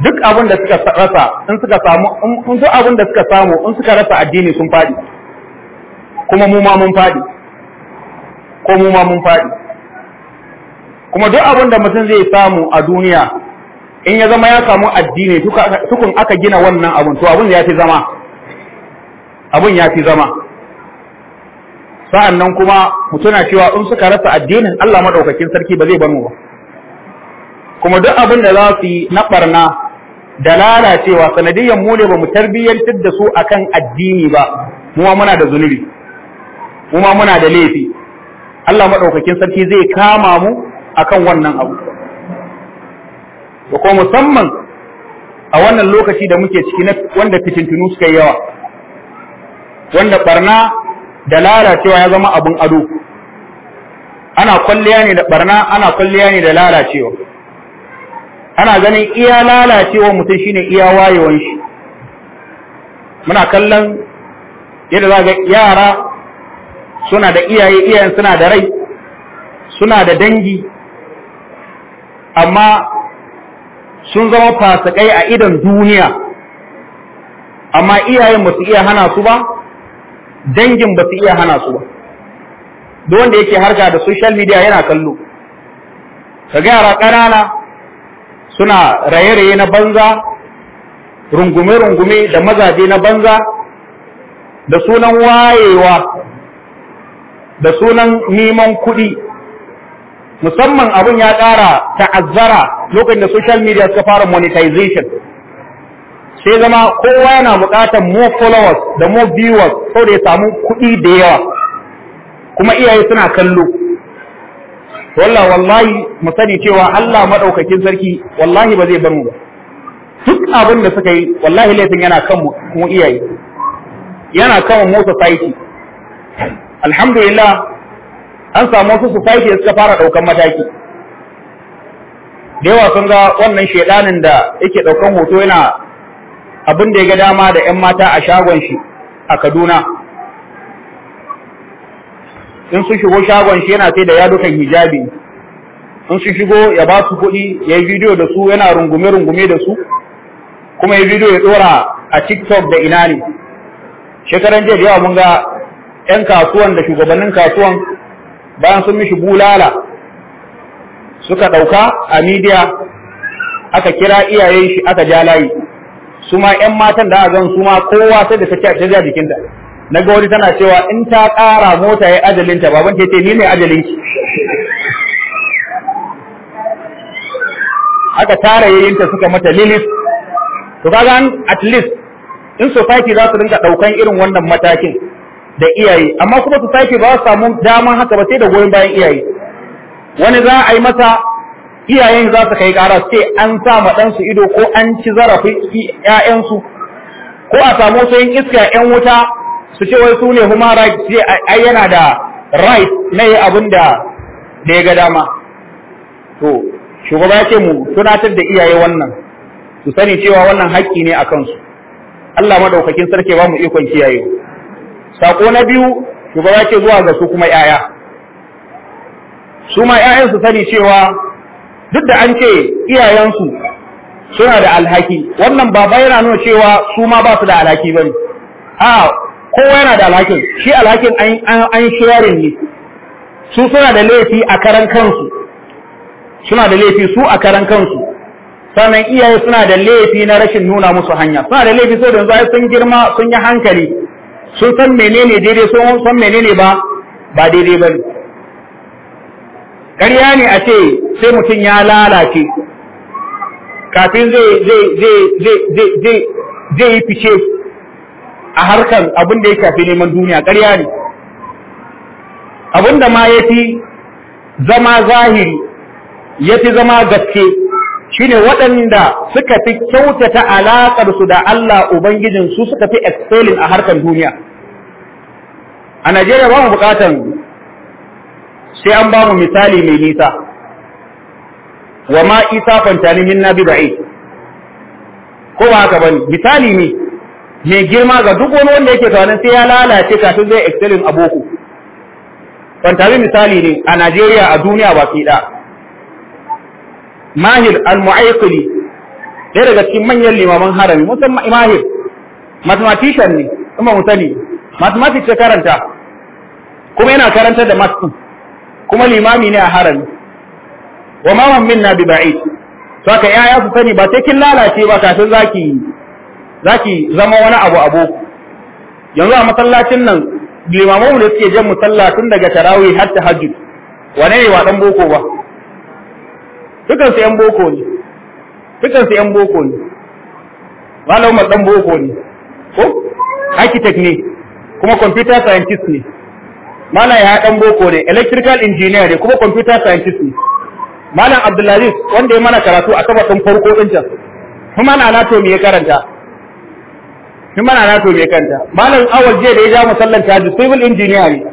duk abin da suka rasa in suka samu in duk abin da suka samu in suka rasa addini sun fadi kuma mu ma mun fadi ko mu ma mun fadi kuma duk abin da mutum zai samu a duniya in ya zama ya samu addini tukun aka gina wannan abun to abun ya fi zama abin ya fi zama sa'an nan kuma mutuna cewa in suka rasa addinin Allah maɗaukakin sarki ba zai bar mu ba kuma duk abin da za su yi na ɓarna da lalacewa sanadiyan mu ne ba mu tarbiyyantar da su akan addini ba mu muna da zunubi mu muna da laifi Allah madaukakin sarki zai kama mu akan wannan abu ko musamman a wannan lokaci da muke ciki na wanda fitintunu suka yi yawa wanda barna da lalacewa ya zama abun ado ana kwalliya ne da barna ana kwalliya ne da lalacewa ana ganin iya lalacewa mutum shine iya wayewan shi muna kallon yadda za ga yara suna da iyaye iyayen suna da rai suna da dangi amma sun zama fasakai a idan duniya amma iyayen ba su iya hana su ba dangin ba su iya hana su ba da wanda yake harka da social media yana kallo ka ga yara ƙanana suna raye-raye na banza rungume-rungume da mazaje na banza da sunan wayewa da sunan neman kuɗi musamman abin ya ƙara ta'azzara lokacin da social media suka fara monetization sai zama kowa yana buƙatar more followers da more viewers sau ya samu kuɗi da yawa kuma iyaye suna kallo wallah wallahi mu sani cewa Allah madaukakin sarki wallahi ba zai bar mu ba duk abin da suka yi wallahi laifin yana kan mu iyaye yana kan mu society alhamdulillah an samu wasu society suka fara daukan mataki da yawa sun ga wannan shedanin da yake daukan hoto yana abin da ya ga dama da 'yan mata a shagon shi a Kaduna in su shigo shagon shi yana sai da yadukan hijabi in su shigo ya ba su kuɗi ya yi bidiyo da su yana rungume-rungume da su kuma ya yi bidiyo ya ɗora a tiktok da ina ne shekaran jiya da yawa mun ga 'yan kasuwan da shugabannin kasuwan bayan sun mishi bulala suka ɗauka a midiya aka kira iyayen shi aka ja layi su ma 'yan matan da a gan su ma kowa sai da ta jikinta Na ga wani tana cewa in ta ƙara mota ya ajalin ta baban ta ce ni ne ajalin ki aka tara yayinta suka mata lilis to kaga at least in society za su dinga daukan irin wannan matakin da iyaye amma kuma society ba su samu daman haka ba sai da goyon bayan iyaye wani za a yi masa iyayen za su kai kara sai an sa ma ɗansu ido ko an ci zarafin ƴaƴansu ko a samu sayin iska ƴan wuta su ce wai su ne human rights sai ai yana da right na yi abin da da ya ga dama to shugaba ya ce mu tunatar da iyaye wannan su sani cewa wannan haƙƙi ne a kansu Allah madaukakin sarki ba mu ikon kiyaye sako na biyu shugaba ya ce zuwa ga su kuma yaya su ma yayan su sani cewa duk da an ce iyayensu suna da alhaki wannan baba yana nuna cewa su ma ba su da alhaki bane a kowa yana da alhakin shi alhakin an sharing ne su suna da laifi a karan kansu suna da laifi su a karan kansu sannan iyaye suna da laifi na rashin nuna musu hanya suna da laifi saboda yanzu sun girma sun yi hankali sun san menene daidai sun san menene ba ba daidai ba ne ƙarya ne a ce sai mutum ya lalace kafin zai yi fice a harkar abin da ya shafi neman duniya ƙarya ne abin da ma ya fi zama zahiri ya fi zama gaske shi ne waɗanda suka fi kyautata alaƙarsu da Allah Ubangijinsu suka fi excelling a harkar duniya a Najeriya ba mu buƙatan sai an ba mu misali mai nisa wa ma isa fantani min nabi ba'i ko ba haka bane misali ne Me girma ga duk wani wanda yake tunanin sai ya lalace kafin zai excelling a boko kwantari misali ne a Najeriya a duniya ba fiɗa mahir al-mu'aikili ɗaya daga cikin manyan limaman harami musamman mahir mathematician ne kuma musani mathematics ya karanta kuma yana karantar da masu kuma limami ne a harami wa maman min na ba'id to aka yaya su sani ba sai kin lalace ba kafin zaki za ki zama wani abu a boko yanzu a masallacin nan limamanmu da suke jan musalla tun daga tarawi har ta hajji wane ne wa boko ba dukan su yan boko ne dukan su yan boko ne malam ma dan boko ne ko architect ne kuma computer scientist ne malam ya dan boko ne electrical engineer ne kuma computer scientist ne malam abdulaziz wanda ya mana karatu a kabatun farko din can kuma na anatomy ya karanta shi mana na to me kanta malam awal jiya da ya ja musallan ji civil engineer ne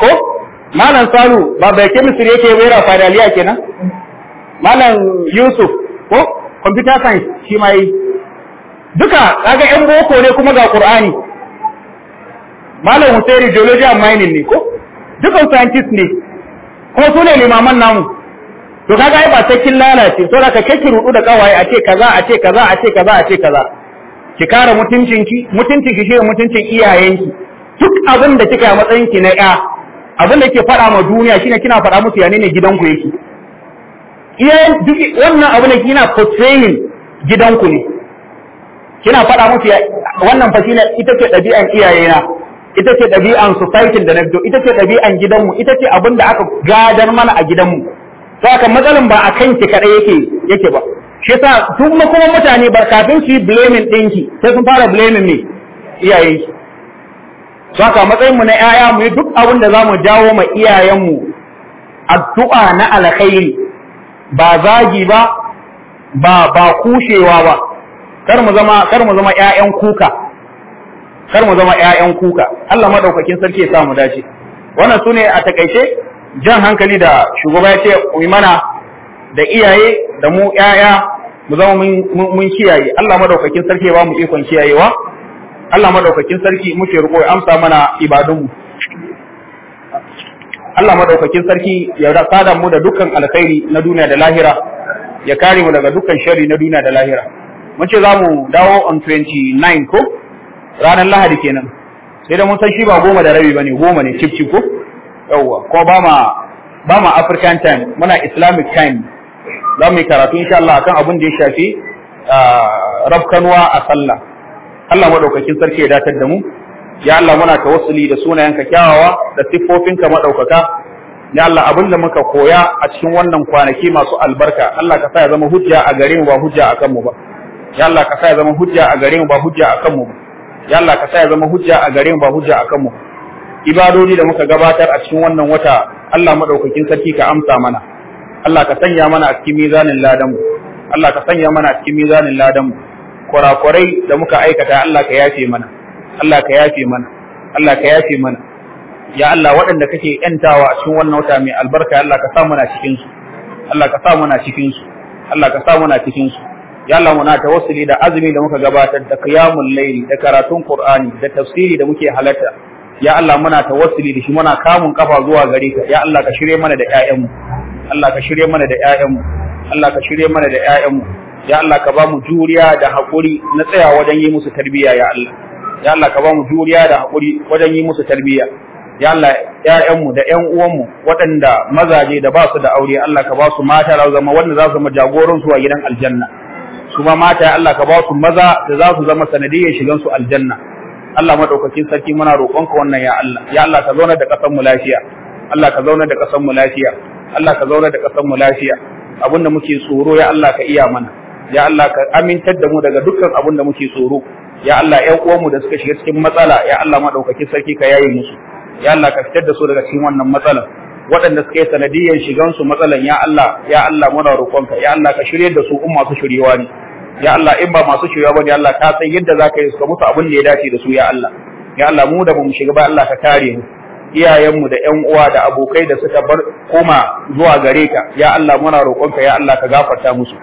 ko malam salu ba bai chemistry yake wera fadaliya kenan malam yusuf ko computer science shi ma yi duka kaga yan boko ne kuma ga qur'ani malam Hussein geology and mining ne ko dukan scientist ne ko su ne limaman namu to kaga ai ba sai kin lalace to da ka kake rudu da kawaye a ce kaza a ce kaza a ce kaza a ce kaza ki kare Mutuncin ki shi mutuncin iyayenki duk abin da kika yi matsayin ki na ya abin da yake fada ma duniya shine kina fada musu ya ne gidanku yake iyayen duk wannan abin da kina portraying gidanku ne kina fada musu wannan fa shine ita ce dabi'an iyayena ita ce dabi'an society da na fito ita ce dabi'an gidanmu ita ce abin da aka gadar mana a gidanmu haka matsalan ba a kanki kaɗai yake yake ba shi yasa duk kuma mutane ba kafin su yi blaming ɗinki sai sun fara blaming ne iyayenki saka matsayin mu na yaya mu yi duk abin da zamu jawo ma iyayenmu addu'a na alkhairi ba zagi ba ba ba kushewa ba kar mu zama kar mu zama ƴaƴan kuka kar mu zama ƴaƴan kuka Allah madaukakin sarki ya samu dace wannan sune a takaice jan hankali da shugaba ya ce mu mana da iyaye da mu ƴaƴa mu zama mun kiyaye Allah madaukakin sarki ba mu ikon kiyayewa Allah madaukakin sarki muke riko ya amsa mana ibadunmu Allah madaukakin sarki ya sada mu da dukkan alkhairi na duniya da lahira ya kare mu daga dukkan shari na duniya da lahira mun ce za mu dawo on 29 ko ranar lahadi kenan sai da mun san shi ba goma da rabi bane goma ne cip ko Yauwa ko ba ma ba ma African time muna Islamic time za mu yi karatu insha Allah akan abin da ya shafi rabkanwa a sallah Allah madaukakin sarki ya datar da mu ya Allah muna tawassuli da sunayenka kyawawa da siffofinka madaukaka ya Allah abin da muka koya a cikin wannan kwanaki masu albarka Allah ka sa ya zama hujja a gare mu ba hujja a kanmu ba ya Allah ka sa ya zama hujja a gare mu ba hujja a kanmu ba ya Allah ka sa ya zama hujja a gare mu ba hujja a kanmu ba ibadodi da muka gabatar a cikin wannan wata Allah madaukakin sarki ka amsa mana Allah ka sanya mana a cikin mizanin ladanmu Allah ka sanya mana a cikin mizanin ladanmu kurakurai da muka aikata Allah ka yafe mana Allah ka yafe mana Allah ka yafe mana ya Allah waɗanda kake yantawa a cikin wannan wata mai albarka Allah ka sa mana cikin su Allah ka sa mana cikin su Allah ka sa mana cikin su ya Allah muna tawassuli da azumi da muka gabatar da qiyamul layli da karatun Qur'ani da tafsiri da muke halarta ya Allah muna tawassuli da shi muna kamun kafa zuwa gare ka ya Allah ka shirye mana da ƴaƴanmu Allah ka shirye mana da ƴaƴanmu Allah ka shirye mana da ƴaƴanmu ya Allah ka ba mu juriya da haƙuri na tsaya wajen yi musu tarbiyya ya Allah ya Allah ka ba mu juriya da haƙuri wajen yi musu tarbiyya ya Allah ƴaƴanmu da ƴan uwanmu waɗanda mazaje da ba su da aure Allah ka ba su mata da zama wanda za su zama jagoran su a gidan aljanna su mata ya Allah ka ba su maza da za su zama sanadiyyar shigan su aljanna Allah madaukakin sarki muna roƙonka wannan ya Allah ya Allah ka zauna da ƙasar mu lafiya Allah ka zauna da ƙasar mu lafiya Allah ka zauna da ƙasar mu lafiya abinda muke tsoro ya Allah ka iya mana ya Allah ka amintar da mu daga dukkan abinda muke tsoro ya Allah ƴan uwanmu da suka shiga cikin matsala ya Allah madaukakin sarki ka yaye musu ya Allah ka fitar da su daga cikin wannan matsalar waɗanda suka yi sanadiyyar shigansu matsalan ya Allah ya Allah muna roƙonka ya Allah ka shirye da su in masu shiryewa ne ya Allah in ba masu shirya ne Allah ka san yadda za ka yi suka mutu abin da ya dace da su ya Allah ya Allah mu da mu shiga ba Allah ka kare mu iyayenmu da ƴan uwa da abokai da suka bar koma zuwa gare ka ya Allah muna roƙonka ya Allah ka gafarta musu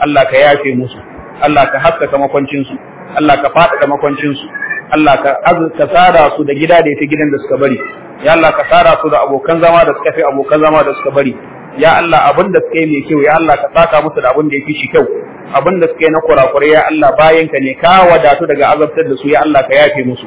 Allah ka yafe musu Allah ka haskaka makwancinsu. su Allah ka faɗaɗa makwancinsu. su Allah ka azurta tsara su da gida da ya fi gidan da suka bari ya Allah ka tsara su da abokan zama da suka fi abokan zama da suka bari يا الله أبدا سكي ميكيو يا الله كتاكا مصد أبدا يفيشي كيو أبدا سكي نقرأ قرية الله باين كنكا وداتو دقاء عظم تدلسو يا الله كياتي موسو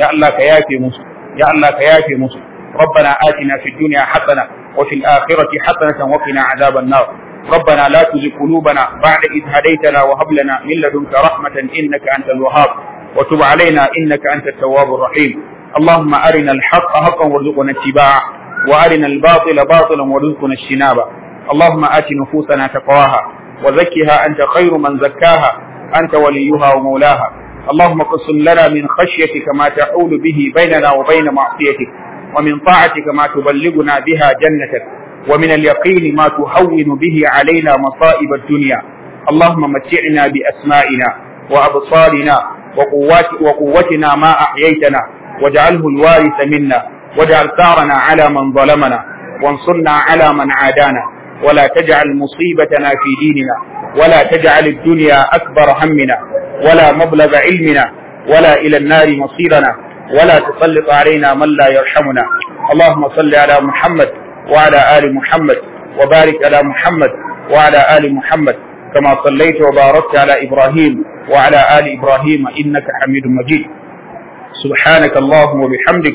يا الله كياتي موسو يا الله كيافي موسو ربنا آتنا في الدنيا حسنة وفي الآخرة حسنة وقنا عذاب النار ربنا لا تزغ قلوبنا بعد إذ هديتنا وهب لنا من لدنك رحمة إنك أنت الوهاب وتب علينا إنك أنت التواب الرحيم اللهم أرنا الحق حقا وارزقنا اتباعه وارنا الباطل باطلا وارزقنا اجتنابه اللهم ات نفوسنا تقواها وزكها انت خير من زكاها انت وليها ومولاها اللهم قسم لنا من خشيتك ما تحول به بيننا وبين معصيتك ومن طاعتك ما تبلغنا بها جنتك ومن اليقين ما تهون به علينا مصائب الدنيا اللهم متعنا باسمائنا وابصارنا وقوات وقوتنا ما احييتنا واجعله الوارث منا واجعل ثارنا على من ظلمنا وانصرنا على من عادانا ولا تجعل مصيبتنا في ديننا ولا تجعل الدنيا أكبر همنا ولا مبلغ علمنا ولا إلى النار مصيرنا ولا تسلط علينا من لا يرحمنا اللهم صل على محمد وعلى آل محمد وبارك على محمد وعلى آل محمد كما صليت وباركت على إبراهيم وعلى آل إبراهيم إنك حميد مجيد سبحانك اللهم وبحمدك